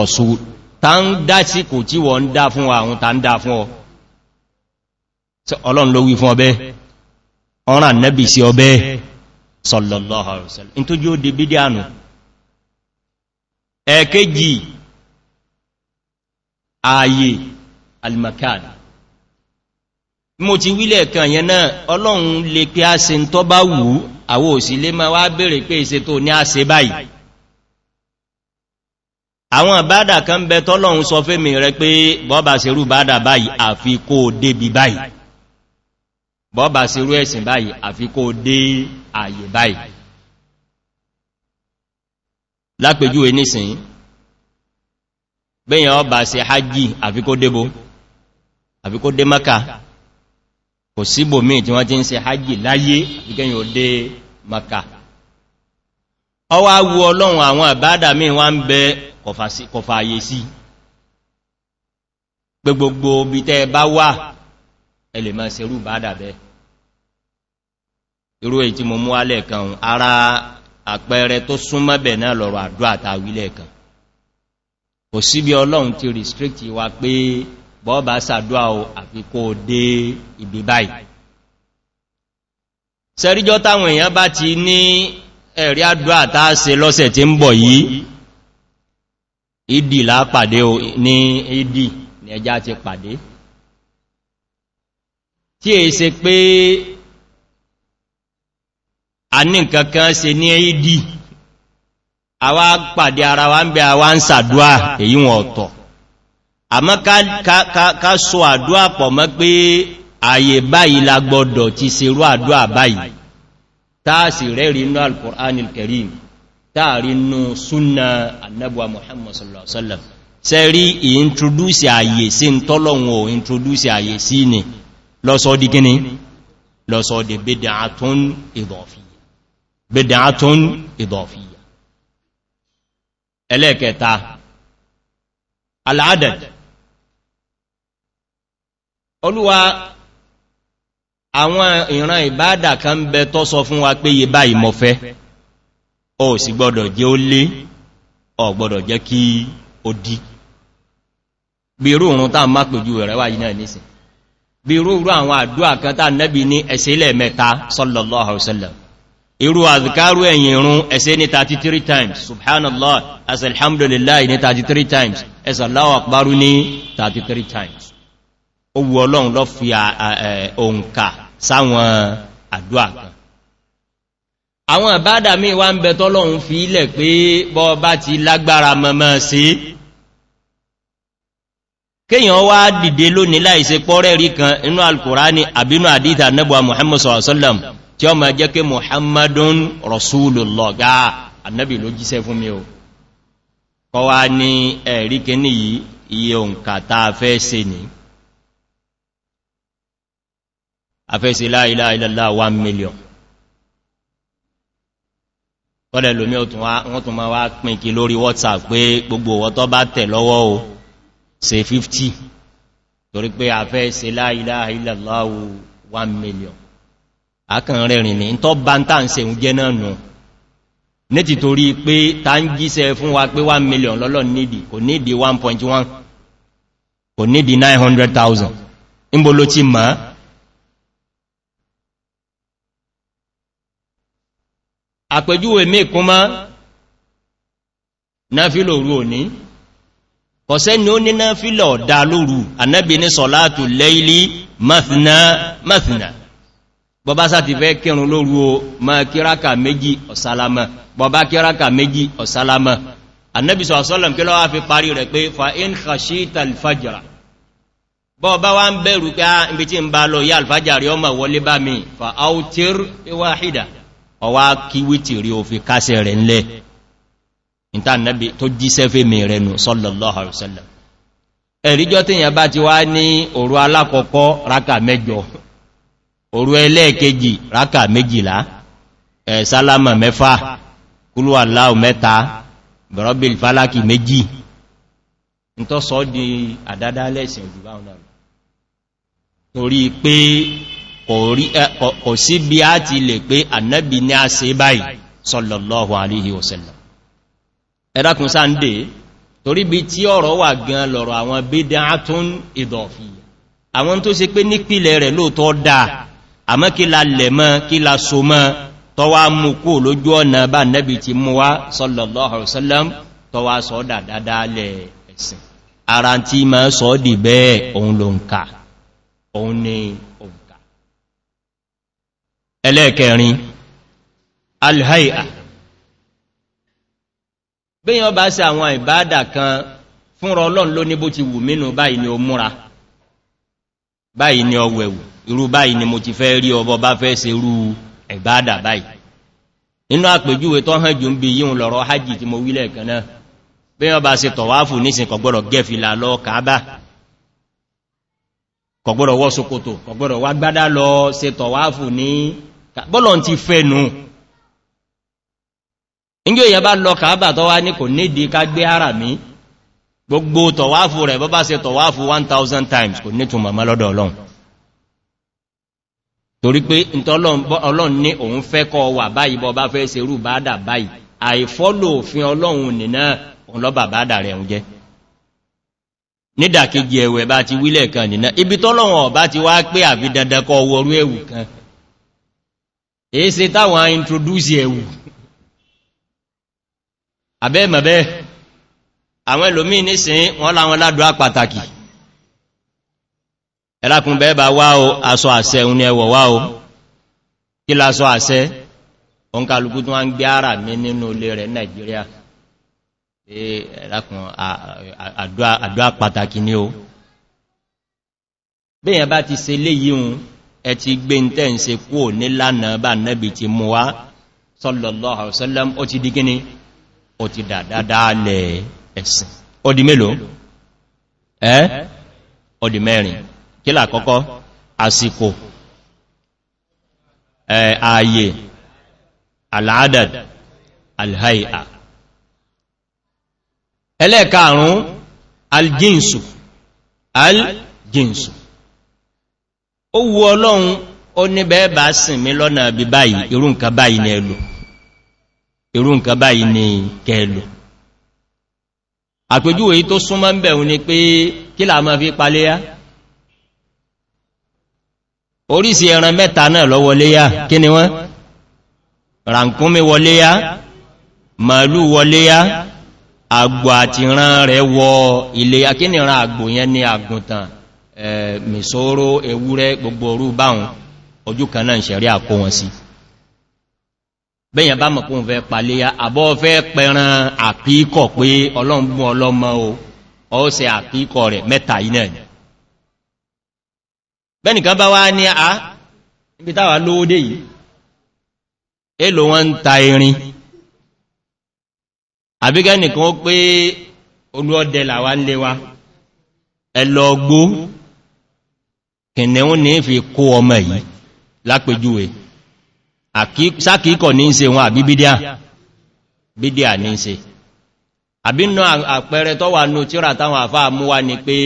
rasul ta ń dá sí kò tí wọ́n ń dá fún àwọn ta ń ọlọ́run ló wí fún ọbẹ́ ọ̀ràn nẹ́bì sí ọbẹ́ sọ̀lọ̀lọ́ha ọ̀sẹ̀lẹ̀ in tó jí ó di bídí ànù ẹ̀ẹ́kéjì ààyè almakan mo ti wílẹ̀ kan yẹn náà ọlọ́run lè pé a se ń tọ́ bá wù àwọ òsì lè máa wá bèèrè pé èsè tó ní a àwọn àbádà kan bẹ tọ́lọ́run sọ fẹ́mi rẹ pé bọ́bà serú bádà báyìí àfi kó débi báyìí bọ́bà sí irú ẹ̀sìn báyìí àfi kó dé ààyè báyìí lápèjúwe nísìn bẹ́yàn ọba sí hajji àfi kó débò àfi kó dé maka kò síbò míì tí wọ́n ti ń se hajji láyé àfi kẹ́yìn ò dé maka ọwá wu ọlọ́run àwọn àbádà míì wá ń bẹ kọfà àyè sí gbogbogbò bí tẹ́ bá wà ẹlẹ̀ máa ṣe rú bá dàbẹ́ irú èyí tí mo mú alẹ́ kan ara àpẹẹrẹ tó súnmọ́bẹ̀ náà lọ̀rọ̀ àdó àtàwílẹ̀ kan kò sí bí ọlọ́run ti restrict wa pé bọ́ọ̀bá sàdúà o àfi kó dé ibi báyìí sẹ́ríjọ́ táwọn èèyàn bá ti ní ẹ̀rí àdúà àtàṣe lọ́sẹ̀ tí ń bọ̀ yìí ìdì lápàdé ní ìdì ni ẹjá ti pàdé tí è se pé a ní nkankan se ní ìdí àwá pàdé ara wa ń bẹ àwá ń sàdúà èyí wọn ọ̀tọ̀ àmọ́ ká so àdúà pọ̀ mọ́ pé àyè báyìí la gbọdọ̀ ti serú àdúà báyìí táà sì rẹ́rì inú alkùnrin kẹrìm táàrí inú súnà annabuwa muhammadu sallallahu alaihi wasallam sẹ́rí introduce àyè sí ń introduce àyè sí lọ́sọ́ di gíní lọ́sọ́ di bídàátún ìdọ̀fíyà ẹlẹ́ẹ̀kẹta aláàdàd olúwa àwọn ìran ìbádà kan bẹ tọ́ sọ fún wa pé yìí báyìí mọ̀fẹ́ o sì gbọ́dọ̀ jẹ́ ó lé ọ gbọ́dọ̀ jẹ́ kí ó dí gbèrú òrùn tàà má pèjú rẹ̀ wáyìí náà nísìn bí rúrú àwọn àdúwà kan tàà nẹ́bí ní ẹ̀ṣẹ́ ilẹ̀ mẹ́ta sallallahu alaihi wasallam irú àzikáru ẹ̀yìn irun ẹ̀ṣẹ́ ní 33 times subhanallah as alhamdulillah ní 33 times ẹ̀sàláwà parú ní 33 times ó wu ọlọ́run lọ fi òǹkà sáwọn àdúwà kan àwọn àbádà míì wá ń bẹ tọ́lọ́run fi ilẹ̀ pé bọ́ bá ti lágbára mọ́mọ́ sí kéyàn wá dìde lónìí láìse pọ́rẹ́ rí kan inú alkùránì àbínú àdíta annabuwa muhammad sallam tí ó ma jẹ́ kí muhammadun rasulullah ga annabi ló jíṣẹ́ fún mi o kọ́ wá ní ẹ̀rí kíní yìí iye òǹkà tá fẹ́ se ní a fẹ́ million kọ́lẹ̀ lómi wọ́n tún ma wá pín whatsapp pé gbogbo wọ́tọ́ se 50 torí pé a fẹ́ se láìláà ìlàláwò 1 million akàn rẹ̀rìn ní tó bá ń tàn se ń jẹ́ náà nù ní ti torí pé ta ń jíṣẹ́ fún wa pé 1 million lọ́lọ́ nídi kò nídi 1.1 kò nídi 900,000 níbo ló ti máa àpẹjúwẹ̀ mẹ́kún náà fílò rú òní kọ̀sẹ́ ni ó níná fílọ̀ ọ̀dá lóru annabi ní sọ̀látù lẹ́ilí mathna mathna bọba sáti fẹ́ kírun lóru o ma kíraka méjì ọ̀sálámà bọba kíraka méjì ọ̀sálámà annabi sọ̀sọ́lọ̀m kí lọ́wọ́ fi parí rẹ̀ pé fa in khashi talfajara bọba wá ń bẹ̀rù pé a ah, ibi tí ń bá lọ yá alfajari ọmọ wọlé bá mi fa autir wahida ọwá kíwítì rí òfin kásẹ̀ rẹ̀ ńlẹ̀ ìta nẹ́bí tó jíṣẹ́ fèmì rẹ̀ nù sallallahu alaihi wasallam ẹ̀ríjọ́ tí yẹn bá ti wá ní òru alákọ̀ọ́kọ́ rákà mẹ́jọ òru ẹlẹ́ẹ̀kejì rákà méjìlá ẹ̀ sálámà mẹ́fà kúlúwàláù mẹ́ta bẹ̀rọ̀bìl fálákì méjì ń tọ́ sọ di àdádá lẹ́sìn jù báwọn náà torí pé kò sí bí a ti lè pé ànẹ́bì ní a se báyìí sallallahu alaihi wasallam ẹ̀dàkùn sáńdé torí bí tí ọ̀rọ̀ wà gan lọ̀rọ̀ àwọn bédé átún ìdọ̀fì àwọn tó se pé nípìlẹ̀ rẹ̀ lóòtọ́ dáa àmọ́ kí la lẹ̀ mọ́ kí la so mọ́ tọ́wà mú kú lójú ọ̀nà bá nẹ́bì ti mú wá sọ́lọ̀lọ́ ẹlẹ́ẹ̀kẹrin alhai'a péyàn bá ṣe àwọn ìbáàdà kan fúnra ọlọ́run ló ní bó ti wù mínú báyìí ni ó múra báyìí ni ọwẹ̀wù irú báyìí ni mo ti fẹ́ rí ọbọ bá fẹ́ ṣe irú ìbáàdà báyìí inú àpèjúwe tó hàn jù ń bí yíhun lọ̀rọ̀ hajji tí mo wílẹ̀ kan náà péyàn bá ṣe tọ̀wáfù nísìn kọ̀gbọ́rọ̀ gẹ́fìlà lọ kàábà kọ̀gbọ́rọ̀ wọ́ sokoto kọ̀gbọ́rọ̀ wá gbádá lọ ṣe tọ̀wáfù ní bọ́lọ̀ ti fẹ́ nù níjò èyàn bá lọ kàábà tó wá ní kò nídi ká gbé ara mi gbogbo tọ̀wáfù rẹ̀ bọ́ bá se tọ̀wáfù 1000 times kò ní tún màmá lọ́dọ̀ ọlọ́run torí pé ọlọ́run ní òun fẹ́ kọ wà báyìí bọ́ bá fẹ́ se rú bádà báyìí àìfọ́lò òfin ọlọ́run nìna òun lọ́bà bádà rẹ̀ ń àbẹ́mẹ̀bẹ́ àwọn ẹlòmí nísìn wọ́n láwọn ládùá pàtàkì ẹlákùn bẹ́ẹ̀ bá wá o aṣọ àṣẹ òun ni ẹwọ̀ wá o kí lásọ àṣẹ òun kàlùkù tó wá ń gbé ara mi nínú ilé rẹ̀ nàìjíríà ẹlákùn àdúà pàtàkì ni o bẹ́yàn bá ti se léyìn ẹ ti gbé ń tẹ́ ń se kúò nílànà bá nẹ́bì ti mú wá sọ́lọ̀lọ́ ó ti dáadáalẹ̀ ẹ̀sìn ọdí mélòó ẹ́ ọdí mẹ́rin kí làkọ́kọ́ àsìkò ààyè aláàdàd alhaia ẹlẹ́ẹ̀kàrún aljinsu aljinsu ó wu ọlọ́run ó ní bẹ́ẹ̀ bá sìn mí lọ́nà bí báyìí irú nǹkan báyìí ní ẹlò irú nǹkan báyìí ni kẹlù àpèjúwe tó súnmọ́ ń bẹ̀rún ni pé kí là máa fi paléyá orísìí ẹran mẹ́ta náà lọ wọléyá kí ni wọ́n ràǹkúnmí wọléyá màálù wọléyá àgbò àti ran rẹ̀ wọ iléyá kí àgbò yẹn ni àgùntàn mìsóró ewúrẹ́ gbogbo orú báhùn ojú kan náà ń ṣẹ̀rí àkó wọn sí bẹ́yàn bá mọ̀ kún fẹ́ pàlẹ́yà àbọ́ fẹ́ pẹran àpíkọ̀ pé ọlọ́mgbọ́n ọlọ́mọ o ọ se àpíkọ̀ rẹ̀ mẹ́ta iná ni bẹ́nìkan bá wá ní a níbi táwà lóódé yìí èlò wọn ń ta irin àbíkẹ́ nìkan ó pé olúọdẹ làwá ń lé wa ẹlọgbó kìnnìún ní fi kó ọmọ yìí lápèjúwe sákìíkọ̀ ní ń se wọn àbí bídíà bídíà ní ń se àbí náà àpẹẹrẹ tó wà ní tíra táwọn àfáà mú wá ni pé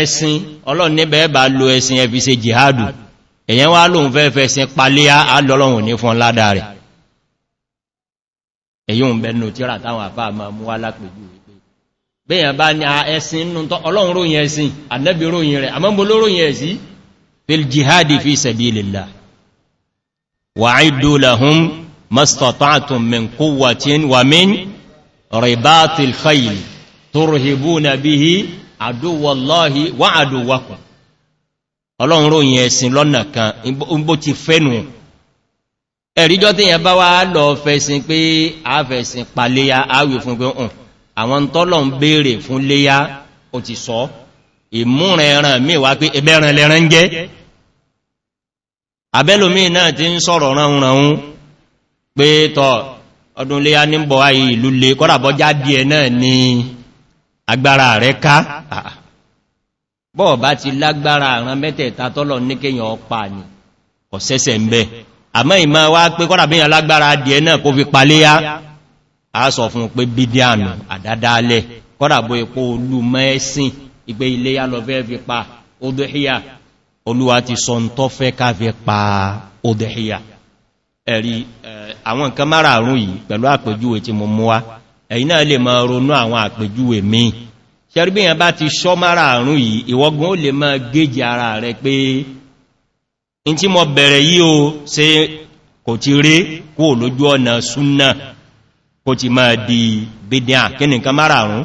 ẹ̀sìn ọlọ́run ní bá lo ẹ̀sìn ẹ̀fi se jihadu èyẹn wá lóun fẹ́ fẹ́ sin paléá alọ́lọ́run ní fún ládà rẹ̀ èyí ń bẹnu tíra táwọn àfáà máa mú wá lápèjú wípé bẹ́yàn bá ní ẹ̀sìn nù tọ́ ọlọ́run fil jihadi fi sẹ̀bí وعدوا لهم ما استطعتم من قوة ومن رباط الخيل ترهبون به عدو الله وعدوكم ọlọ́run ròyìn ẹ̀sìn lọ́nà kan bó ti fẹ́nu ẹ̀ríjọ́ tí yẹn bá wá lọ fẹ́sìn pé a fẹ́sìn paléyá áwì fún pé ọ̀n àwọn tọ́lọ̀ ń béèrè fún léyá o ti sọ ìmúrẹ̀ ẹran mi wá pé ẹbẹ́ran lẹ́ran jẹ́ àbẹ́lòmí náà ti ń sọ̀rọ̀ ránunràun pé tọ́ ọdún lé a ní bọ̀ ìlú lè ni agbára rẹ̀ ká bọ́ọ̀ bá ti lágbára àrán mẹ́tẹ̀ẹ̀ta ọpa ni ọ̀sẹ́sẹ̀ ń bẹ́ àmọ́ ìmọ̀ wá pé kọ́ràbíyàn lágbára adìẹ náà kó fi paléyá a sọ fún pé bídíànù àdádálẹ̀ kọ́ràbọ́ epo olú ìgbé lọ fẹ́ pa odò híyà olúwa ti sọ ń tọ́ fẹ́ káfẹ́ pa odèhíyà ẹ̀rí àwọn nǹkan márààrún yìí pẹ̀lú àpèjúwe tí mo mú wá ẹ̀yìn náà lè máa ronú àwọn àpèjúwe míì ṣẹ́rìbíyàn bá ti ṣọ́ márààrún yìí ìwọ́gun ó lè máa géjì ara rẹ̀ pé in tí mo bẹ̀rẹ̀ yí o ṣe kò ti rí kó lójú ọ̀nà súnà kó ti máa di bídín àkínìkan márààrún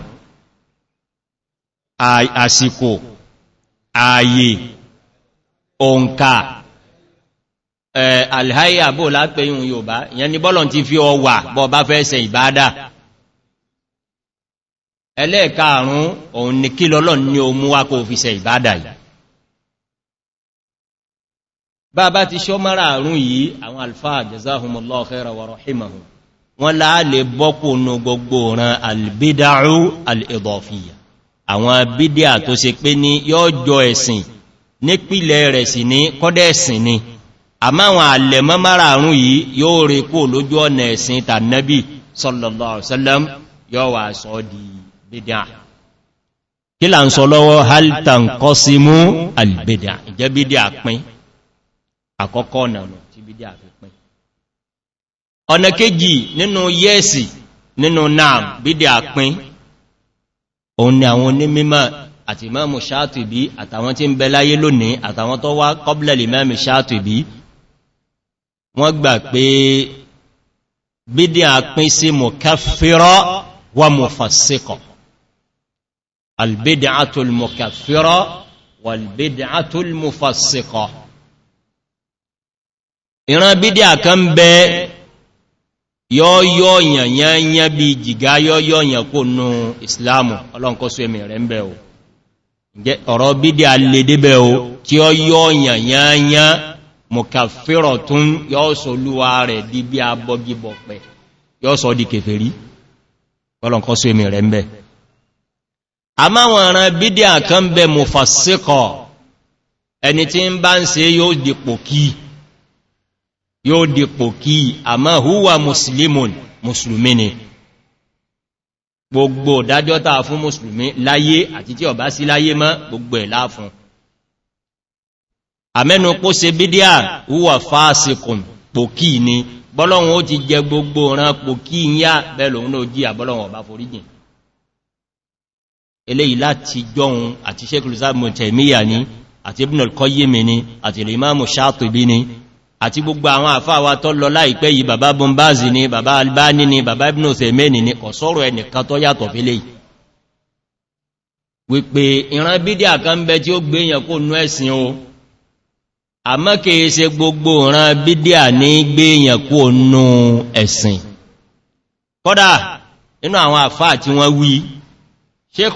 àsìkò ààyè òǹkà alhaya bó lápé yìí yóò bá ìyẹn ni bọ́lọ̀ ti fi ọ wà bọ́ bá fẹ́ ṣe ìbádá ẹlẹ́ẹ̀kaàrún òun ni kí lọ́lọ́ ní o mú wá kó fi ṣe ìbádá yìí bá bá ti ṣọ́ mara àrùn yìí àwọn alfáà àwọn bídíà tó se pé ní yọ́ jọ ẹ̀sìn nípìlẹ̀ rẹ̀ sì ní kọ́dẹ̀ẹ̀sìn ni a máa wọn àlẹ̀mọ́ márààrún yìí yóò rí kó lójú ọ̀nà ẹ̀sìn tànẹ́bì sọ́lọ̀lọ́sọ́lọ́m yóò wà sọ di bídá kí là ń sọ lọ́wọ́ haltan kọ́ sí mú albídá jẹ́ bídá pín àkọ́kọ́ ọ̀nà tí bídá fi kéjì nínú yẹ́ẹ̀sì nínú náà bídá pín òun ni àwọn onímímọ̀ àti imamu Shatibi àtàwọn tí ń bẹ láyé lónìí àtàwọn tó wá kọ́blẹ̀lì imamu Shatibi wọ́n gbà pé bídíà pín sí mukaffira wa mufassiqa albid'atul mukaffira wal bid'atul mufassiqa ìran bídíà kan bẹ yọ́yọ́ yànyànyà bí jìgá yọ́yọ́ yànkó nù islamu ọlọ́nkọ́sọ́ ẹ̀mẹ̀ rẹ̀ ń bẹ̀ ọ̀rọ̀ bídí alédébẹ̀ o tí ó yọ yànyànyà mọ̀kàfẹ́rọ̀ tún yọ́ sọ lúwa rẹ̀ di bí a bọ́gí bọ̀pẹ̀ yọ́ sọ di kèfèrí ọlọ́nkọ́ sí èmì rẹ̀ ń bẹ̀ a máwọn ọ̀ràn bídí àkán bẹ mọ̀ fàṣíkọ̀ ẹni tí ń bá gbogbo ìdájọ́ tàà fún mùsùlùmí láyé àti tí ọ̀bá sí láyé mọ́ gbogbo ẹ̀lá fún àmẹ́nu kó se bídíà wúwà fásikùn pòkí ni bọ́lọ́wọ́n ó ti jẹ gbogbo ran pòkí yá bẹ́lòun náà jí àbọ́lọ́wọ́n ọ̀bá foríjìn eléyìí láti ni àti ibùnà kọ́yé mi àti gbogbo àwọn àfáàwà tó lọ láìpẹ́ yìí bàbá bombazi ni bàbá albani ni bàbá ibn osemeni ni kọ̀ sọ́rọ̀ ẹnìkan tó yàtọ̀ fílé wípé ìran bídí àkánbẹ tí ó gbé èyàn kó nú ẹ̀sìn o àmọ́ kìí ṣe gbogbo ìran bídí à ní gbé èyàn kó nú ẹ̀sìn kọ́dà nínú àwọn àfáà tí wọ́n wí sheikh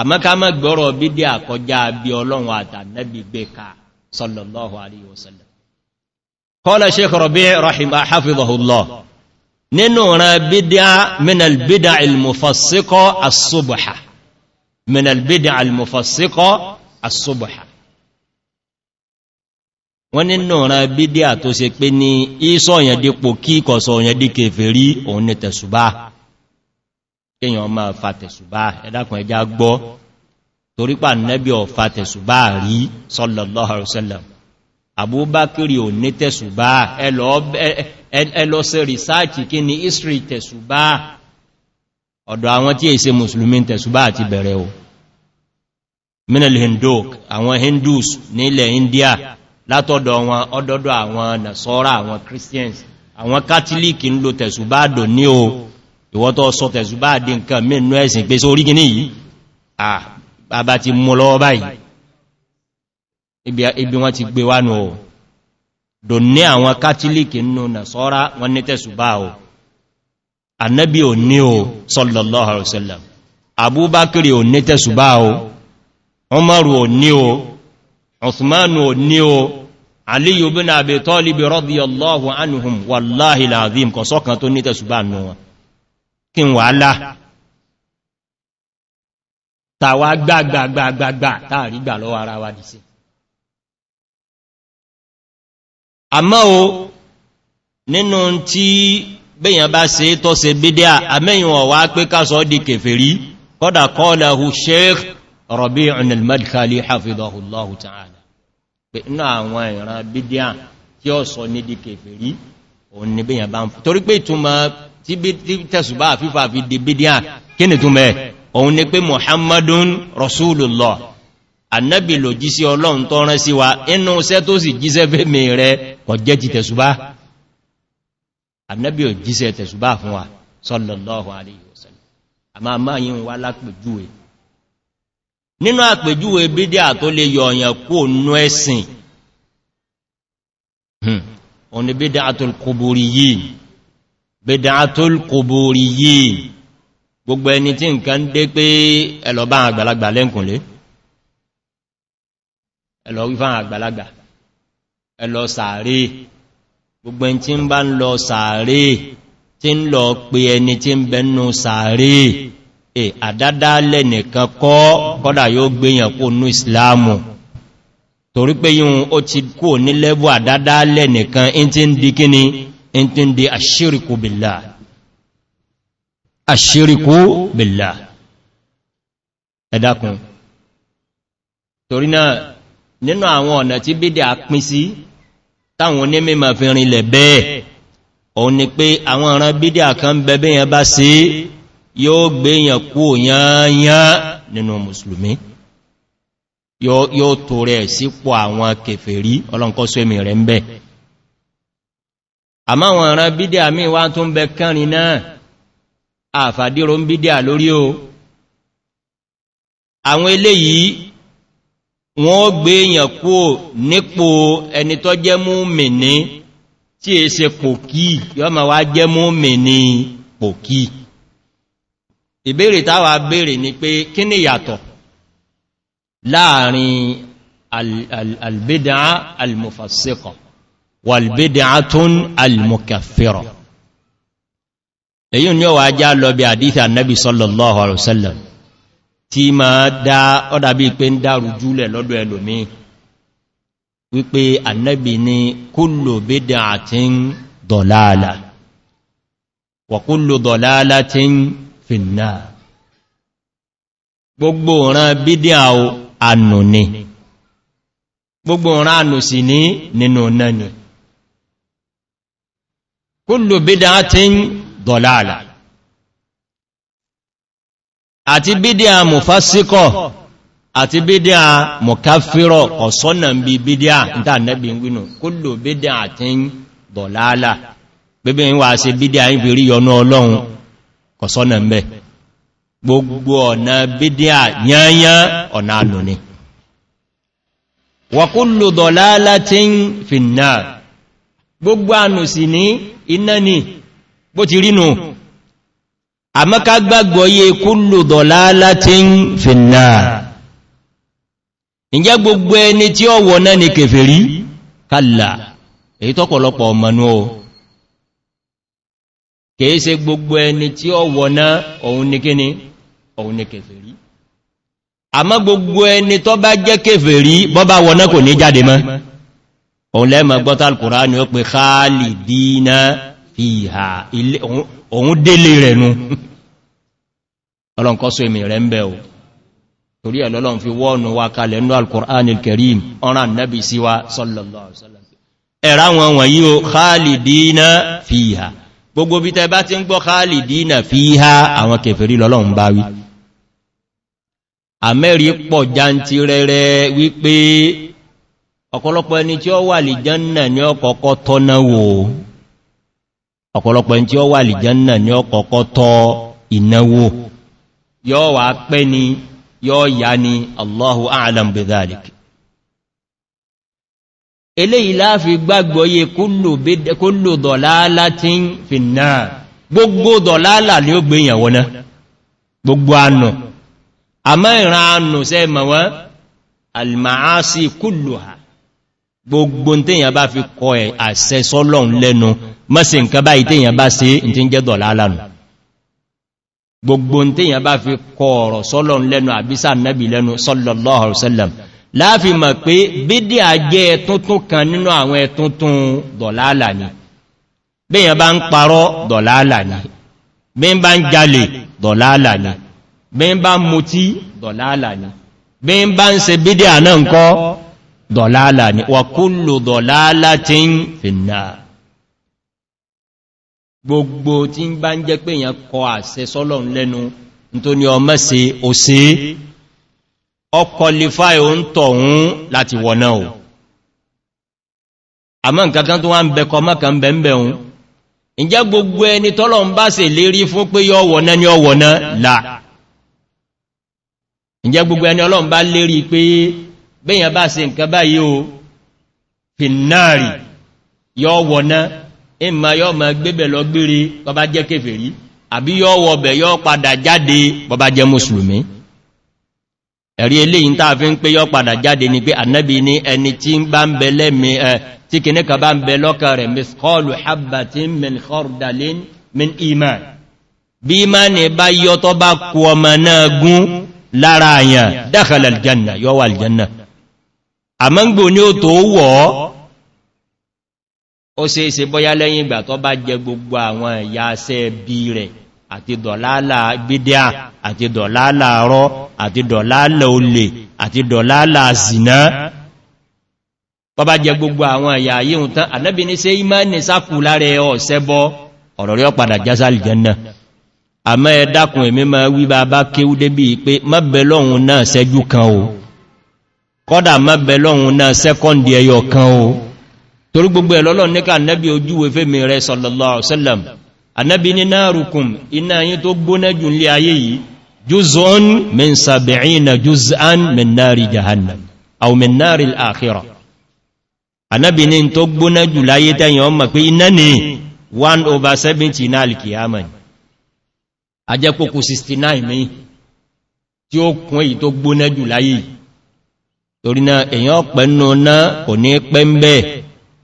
àmọ́ká mọ́ gbọ́rọ̀ bídí àkọjá bí ọlọ́run àtànẹ́bí gbé ka sọlọ̀lọ́hù àríwọ̀sọ̀lọ̀. kọ́lọ̀ ṣe kọ̀rọ̀ bí rahimah hafizahullo nínú ran bídá minalbídá ilmufassikọ́ asubha minalbídá ilmufassikọ́ asubha wọ́n nínú ran bídá tó se pé ní ìsọ̀yàn dípò kí kọ̀sọ̀yàn díkẹ̀ fèrí kíyàn ma fàtẹ̀sùbá ẹ̀dàkùn ẹja gbọ́ torípa nẹ́bí ọ̀ fàtẹ̀sùbá rí sọ́lọ̀lọ́ àrùsẹ́lẹ̀m àbúbákiri ò ní tẹ̀sùbá ẹlọ́sẹ̀ rìsáàtì kí ni isri tẹ̀sùbá ọ̀dọ̀ àwọn tí èsẹ musulmi tẹ̀sùbá àti bẹ̀rẹ̀ o minel hinduk àwọn hindus nílẹ̀ india látọ̀dọ̀ wọn ọdọ́dọ̀ àwọn nasọ́rọ̀ àwọn christians àwọn catholic ń lo tẹ̀sùbá dò ní o ìwọ́tọ́ sọ tẹ̀sùbá àdí nǹkan mẹ́nu ẹ̀sìn pé sórí gíní yìí àbá ti mú lọ́wọ́ báyìí ibi wọ́n ti gbé wánu ọ̀ dò ní àwọn kátólíkì nù nà sọ́rá wọ́n ní tẹ̀sùbá ọ̀ annabi ò ní o sallallahu alaihi ò ní tẹ́sùbá o umaru o osmanu ò ní o aliyu bin abi talibi radiyallahu anhum wallahi lazim kọ̀sọ́kan tó ní tẹ́sùbá nù kí n wàhálà tàwà gbàgbàgbàgbà táàrí gbà lọ́wọ́ ara wa dìsí àmọ́ o nínú tí bẹ́yàn bá se tọ́ se bídíà àmẹ́yìn ọ̀wá pé kásọ̀ di kèfèrí kọ́dà kọ́lẹ̀hù sheikh rọ̀bí ìrìnlmọ́dìkálí hafidahullahu ta'ala pé inú àwọn ìran bídíà tí ó sọ ní di kèfèrí òun ni bẹ́yàn bá ń torí pé ìtumọ̀ tí bí tẹ̀sùbá àfífà fi di bídíà kí ni tún mẹ́ òun ni pé mohammadun rasulullah annabi lò jíṣẹ́ ọlọ́run tó rán sí wa inú iṣẹ́ tó sì jíṣẹ́ fẹ́ mi rẹ kọ̀ jẹ́ ti tẹ̀sùbá annabi ò jíṣẹ́ tẹ̀sùbá fún wa sallallahu alayhi wasallam a tó lè hmm, yìí bid'atul quburiyyin gbogbo ẹni tí nǹkan dé pé ẹlọ́bá àgbàlagbà lẹ́nkùnlé ẹlọ́ wífà àgbàlagbà ẹlọ sàárè gbogbo ẹni tí ń bá ń lọ sàárè tí ń lọ pé ẹni tí ń bẹnu sàárè e àdádá lẹ́nìkan kọ́ kọ́dà yóò gbéyàn kó nú ìsìláàmù torí pé yíò ó ti kó ní lẹ́bù àdádá lẹ́nìkan in ti ń di kíni in ti ń di aṣíríkú bìlá aṣíríkú bìlá ẹ̀dàkùn torí náà nínú àwọn ọ̀nà tí bídẹ̀ àpín sí táwọn onímọ̀ fi rinlẹ̀ bẹ́ẹ̀ òun ni pé àwọn ọ̀ràn bídẹ̀ kan bẹ̀bẹ̀ yẹn bá sí yóò gbé yẹn kú yányán nínú musulmi yóò tó rẹ̀ sípò àwọn kèfèrí ọlọ́nkọ́sọ́ èmì rẹ̀ ń bẹ̀ẹ̀ àmá àwọn ọ̀ràn bídíà mí wá tó ń bẹ kẹrin náà àfàdíró ń bídíà lórí o àwọn eléyìí wọ́n gbé èèyàn kúò nípò ẹni tó jẹ́ mú mìíní tí è ṣe pòkí yọ́mà wá jẹ́ mú mìíní pòkí ìbéèrè táwà béèrè ni pé kí ni yàtọ̀ láàrin albida al-mufassikan al wàlbídìátún almukaffira èyí ni ó wà já lọ bí àdíthà annabi sallallahu alaihi wasallam tí ma dá ọ́dàbí pé ń dárú júlẹ̀ lọ́dọ̀ ẹlòmí wípé annabi ni kúlò bídìátín dọ̀láàlá wà kúlò dọ̀láàlá tí gbogbo ran bídìá ànù ni gbogbo ran ànù sí ní nínú náà kúlù bídá tí ń dọ̀láàlá àti bídá mùfásíkọ̀ àti bídá mùkáfírọ̀ ọ̀sọ́nà bí bídá ìta nẹ́bí wínú kúlù bídá tí ń dọ̀láàlá bíbí wà sí bídá ìbìrí yọnú ọlọ́run ọ̀sọ́nà mẹ́ gbogbo ọ̀nà bídá yányán ọ̀nà alùni wàkúlù dọ̀láàlá tí ń fìnnà gbogbo ànù sì ní iná ni bó ti rínú àmọ́ká gbàgbọ́ yé kúlù dọ̀lá láti ń fìnnà ìjẹ́ gbogbo ẹni tí ó wọ náà ni kèfèrí kàlà èyí tọ́pọ̀lọpọ̀ ọmọnú o kèé se gbogbo ẹni tí ó wọ náà òun ní kíni òun ní kèfèrí àmọ́ gbogbo ẹni tọ́ bá jẹ́ kèfèrí bọ́bá wọ náà kò ní jáde mọ́ òun lẹ́mọ̀ gbọ́ta alkùnrà ni ó pe káàlì dínà ìhà òun délé rẹ̀ nú ọlọ́nkọ́ so èmì rẹ̀ ń bẹ̀ o torí ẹ̀lọ́lọ́n fi wọ́ọ̀nù wa kalẹ̀ ní alkùnrà ní kẹrìm ọ̀rán nẹ́bì sí wa sọ́lọ̀lọ́ àmẹ́rí pọ̀ jantirẹrẹ wípé ọ̀pọ̀lọpọ̀ ẹni tí ó wà lè jẹ́nà ní ọkọ̀ọ̀kọ́ tọ́nà wò ọ̀pọ̀lọpọ̀ ẹni tí ó wà lè jẹ́nà ní ọkọ̀ọ̀kọ́ tọ́ ìnáwó yọ́ wà pẹ́ ni yọ́ yà ni allahu alam bezalik eléyìí láàfi gbàgbọ́yé kúlù dọ̀lálá tí ń fi náà gbogbo gbogbo tíyàn bá fi kọ ẹ̀ àṣẹ sọ́lọ̀n lẹ́nu mọ́sí nǹkan báyìí tíyàn bá sí ìtí ń jẹ́dọ̀ lálànà gbogbo tíyàn bá fi kọ ọ̀rọ̀ sọ́lọ̀n lẹ́nu àbísà nẹ́bì lẹ́nu sọ́lọ̀lọ́hùsẹ́lẹ̀m láàfin mọ̀ pé bídí àjẹ́ tuntun kan nínú àwọn ẹtuntun dọ̀láàlà ni bíyàn bá ń parọ́ dọ̀láàlà ni bí dọ̀lálà ni wàkúlù dọ̀lálà tí ń fìnnà gbogbo tí ń bá ń jẹ́ pé èyàn kọ àṣẹ sọ́lọ̀ lẹ́nu tó ní ọmọ sí o sí ọkọ̀ o ń tọ̀hún láti wọ̀nà o àmọ́ nǹkankan tó wá ń bẹkọ mọ́kàn bẹ̀m̀bẹ̀hún ìjẹ́ gbogbo ẹni tọ́lọ̀ ń bá se lérí fún pé yọ gbogbo ẹni ọlọ́run bẹ́yàn bá se nǹkan báyìí o fìnnárì yọ wọ̀ná ìmá yọ ma gbébẹ̀ lọ gbére bọba jẹ́ kéfèrí àbí yọ wọ̀bẹ̀ yọ padà jáde bọba jẹ́ mùsùlùmí ẹ̀rí eléyìn tàà fi ń pé yọ padà jáde ni pé annabi ní ẹni tí ń bá ń bẹ lẹ́mi ẹ tí kìníkà bá ń bẹ bí imani bá yọ tó bá kú ọmọ náà gún lára àyàn dákàlà aljanna yọ aljanna àmọ́ngbò ní ó tó wọ́ ó se ṣe bọ́yá lẹ́yìn ìgbà tó bá jẹ gbogbo àwọn ìyá aṣẹ́ bí rẹ̀ àti dọ̀lálà gbídíà àti dọ̀lálà rọ́ àti dọ̀lálà olè àti dọ̀lálà zìná wọ́n bá jẹ gbogbo àwọn ìyà yíhun tán ànẹ́bì ní ṣe ìmọ́ni sákù lára ọ̀sẹ́ bọ́ ọ̀rọ̀ rí ọ̀padà jásàlì jẹ́nà àmọ́ ẹ̀dàkùn èmí ma wí bá bá kéwú débì pé mọ́bẹ̀lọ́hun náà sẹ́jú kan o kọ́dà mẹ́bẹ̀ lọ́hun náà sẹ́kọ́ndì ẹyọ kan o torí gbogbo ẹ̀lọ́lọ́ níka annabi ojúwe fèmì rẹ̀ sọ̀lọ̀lọ́ọ̀sọ́lọ̀m annabi ní náàrùkùn iná yí tó gbóná jù lé ayé yìí juzon min sabi'in na juzan min nari jahannam au min nari al'akhira annabi ní tó gbóná jù láyé tẹ́yìn ni 1 over 70 náà alkiyama ajẹ́kókò 69 mi tí ó kún èyí tó gbóná jù láyé yìí torí náà èyàn pẹ̀lú náà kò ní pẹ́ ń bẹ́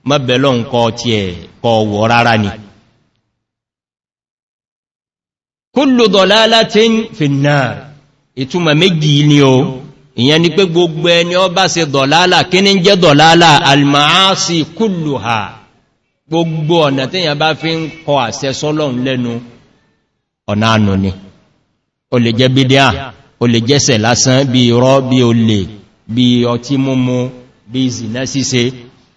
mọ́bẹ̀lọ́ nǹkan ti ẹ̀ kọ wọ̀ rárá ni kúlù dọ̀lá láti ń fi náà ìtumà méjì ni o ìyẹn ni pé gbogbo ẹni ọ bá se dọ̀lálà kí ní jẹ́ dọ̀lálà alìmáàsì kúlù ha gbogbo ọ̀nà tí yẹn bá fi ń kọ àṣẹ sọ́lọ́un lẹ́nu ọ̀nà ànù ni o lè jẹ́ bídíà o lè jẹ́sẹ̀ lásán bí irọ́ bí o lè bí ọtí múmú bí ìsìnà síse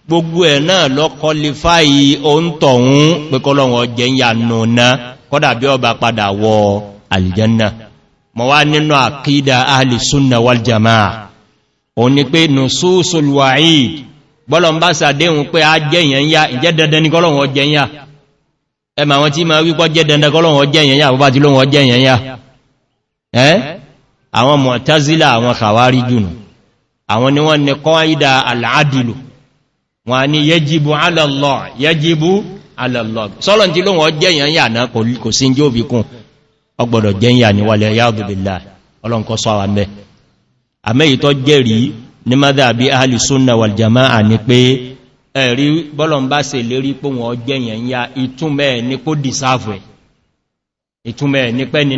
gbogbo ẹ̀ náà lọ́kọ́ lè fáyí oúntọ̀hún pẹ́kọ́lọ́wọ́ jẹ́ ń yànà náà kọ́dà bí ọba padà wọ alìjẹ́nà mọ̀ wá nínú àkídà ahìlìsúnnà waljama'a òun ni pé a jẹ́yàn yá ìjẹ́ dandan ní kọ́lọ̀wọ́ jẹ́yàn ẹmà àwọn tí ma wípọ́ jẹ́ dandan kọ́lọ̀wọ́ jẹ́yàn yá àbúbá tí àwọn mọ̀tázílà àwọn kàwárí jùnù àwọn ni wọ́n ni kọ́ ìdá al'adìlù wọn ni yẹjibu alàlọ́ yẹjibu alàlọ́ sọ́lọ̀ tí ló wọ́n jẹ́yàn yà náà kò sí jẹ́ òfikún ọgbọ̀dọ̀ jẹ́yàn ni wàlẹ̀ yáàdùbìlá ọlọ́nkọ́ sọ àwọn mẹ́ àmẹ́yìí tó jẹ́rí ní mádàbí ahàlìsúnnà wàljamaà ni pé ẹ̀rí bọ́lọ̀n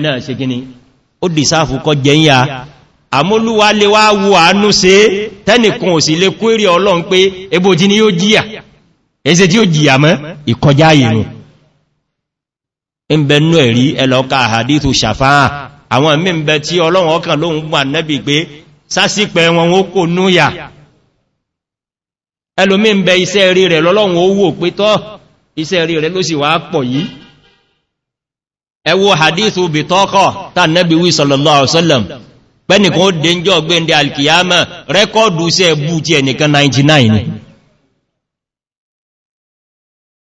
náà ṣe gíní ó dìsáàfù kọ́ jẹ́yàn àmúlúwà lè wá wo àánú se tẹ́nìkan òsì lè kó èrè ọlọ́run pé ebòjì ni yóò jíyà ẹsẹ tí ó jìyà mọ́ ìkọjá ìrìn ìbẹ̀nú ẹ̀rí ẹlọ́ka àdítù sàfáà àwọn mẹ́bẹ̀ tí ọlọ́run ọkàn lóhun gbà nẹ́bì pé sásípẹ̀ wọn ó kò núyà ẹlòmíbẹ̀ iṣẹ́ pẹ́nìkan ó dé ń jọ gbẹ́ndẹ̀ alkiyama rẹ́kọ́ọ̀dù sí ẹ̀bù ti ẹnìkan 99 ni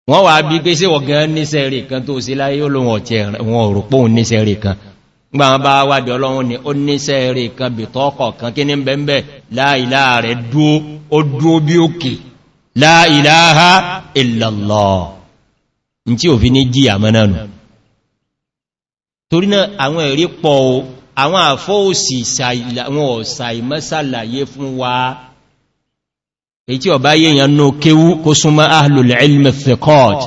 wọ́n wà bí pé sí ọ̀gán níṣẹ́ rẹ̀ kan tó sí láyé olóhun ọ̀tẹ́ wọn ò rùpó níṣẹ́ rẹ̀ kan gbà wọn bá wádìí ọlọ́run ni ó níṣẹ́ rẹ̀ kan bì tọ́kọ̀ kan kí ní bẹ̀m̀bẹ̀ àwọn àfóòsì wọn ọ̀sà ìmọ́sàlàyé fún wa èyí ọba yíyàn ní kéwú kó súnmọ́ ahlùlẹ̀ ilmẹ̀fẹ̀kọ́t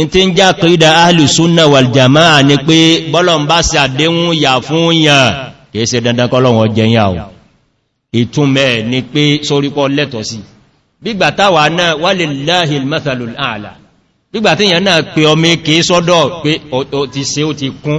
in ti ń já kìídà ahlùsúnnà wà jama'a ni pé bọ́lọ̀n bá sí àdéhùn yà fún yàn kìí se dandan kọlọ̀wọ̀n jẹyà ò ìtúnmẹ́ ni pé sórípọ̀ lẹ́tọ̀ sí gbígbà táwà ààlà gbígbà tí yàn náà pé ọmọ kìí sọ́dọ̀ pé ó ti se ó ti kún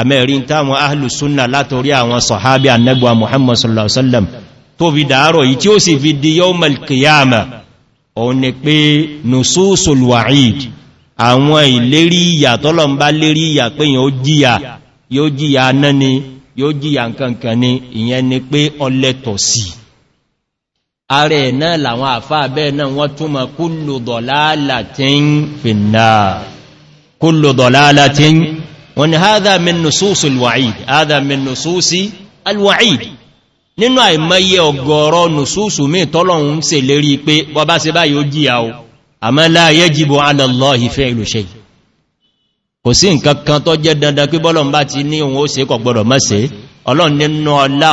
àmẹ́rin táwọn ahlùsúnnà látorí àwọn sọ̀hábí annabuwa muhammad sallallahu alaihi wasallam tó fi dáárọ̀ yìí tí ó sì fi di yóò malkiyama òun ni pé nususul wa'id àwọn ìlérí ìyà tọ́lọ̀mbá lérí ìyà pé yóò jíyà yóò jíyà náni yóò jíyà nkankan ni ìyẹn ni pé ọlẹ́tọ̀ sí ààrẹ wọ́n ni haza min nususu alwa'id haza min nususi alwa'id nínú àìmọye ọgọ́rọ̀ nususu mi tọ́lọ̀un ń se lérí pé bọ́bá se báyìí ó jíyà o àmọ́ láàyé jìbò alàlọ́hì fẹ́ ìlú ṣe kò sí nǹkan kan tó jẹ́ dandan pé bọ́lọ̀n bá ti ní òun ó se kọ̀ gbọ́dọ̀ mọ́sẹ̀ ọlọ́n nínú ọlá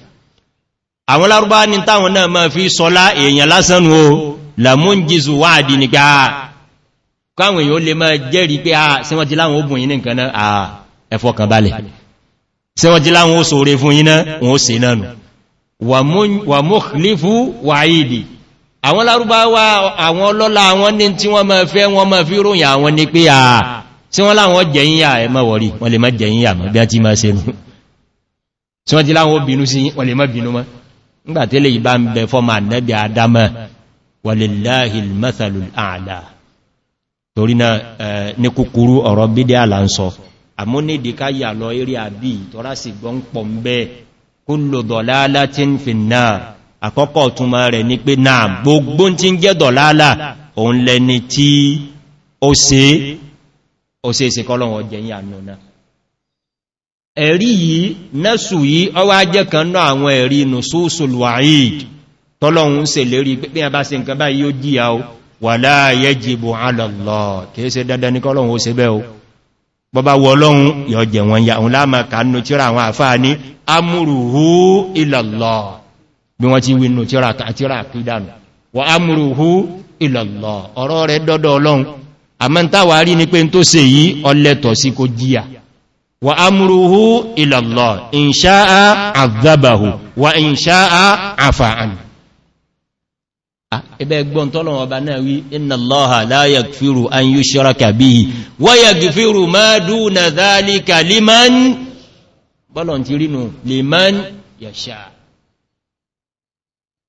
àwọn lárúbá ní táwọn náà máa fi sọlá èèyàn lásán o làmún jízu wáàdì ní gbá ah, káwọn èèyàn lè máa jẹ́rì pé a ah, sí wọ́n ti láwọn ó bùn yí ní nǹkan náà à ah, ẹfọ́kàn balẹ̀ sí wọ́n ti láwọn ó sòrè fún yí wọ́n ó se náà nù wà mú lífú wáìdì àwọn àwọn ọlọ́lá àwọn ní tí wọ́n máa fẹ́ wọ́n máa fi ròyìn àwọn ní ńgbàtí lè bá ń bẹ fọ́mà nẹ́bí àdámẹ́ wàlèláhìl mẹ́sàlù àdá torí náà ní kúkúrú ọ̀rọ̀ bídé àlànsọ àmúnìdí káyà lọ eré àbí tọ́rá sì gbọ́n pọ̀ ń bẹ́ kú lò dọ̀láálá tí ń fi náà àkọ́kọ́ túnmà rẹ̀ ní pé náà gbogbo tí ń jẹ́ dọ̀láálá òun lẹni tí ó se é se é jẹ́yìn ànú ẹ̀rí yìí nẹ́sù yìí ọwá jẹ́ kan náà àwọn ẹ̀rí inú sóòsùl wa'id tọ́lọ̀hun se lérí pé a bá se nǹkan bá yíó jíyà o wà láàyẹ jìbò alọ́lọ́ kìí se dandan ní kọ́lọ̀hun ó se bẹ́ o bọ́bá wọ ọlọ́hun yọ jẹ wọn ya òun láàmà kanú tíra wọ́n ti ni pé ń tó se yìí wa amruhu ilallah in sha'a azabahu wa in sha'a afa'an ebe gbon tolorun oba na wi inna allaha la yaghfiru an yushraka bihi wa yaghfiru ma duna dhalika liman bolon ti rinu liman yasha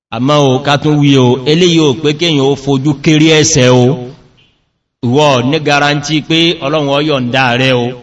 ama o ka tun o eleyi o pe keyin o foju kere ese o iwo ni guarantee pe olohun o yonda re o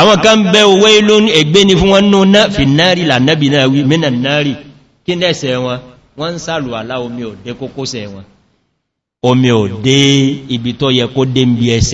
àwọn kan bẹ owó ilú ẹgbẹ́ ni fún wọn núna fi náàrí lànàbì náà wí mínà náàrí kí lẹ́sẹ̀ wọn wọ́n ń sàlù àlá omi òdé kókósẹ̀ wọn omi òdé ibi tó yẹ kó dé ń bí ẹsẹ̀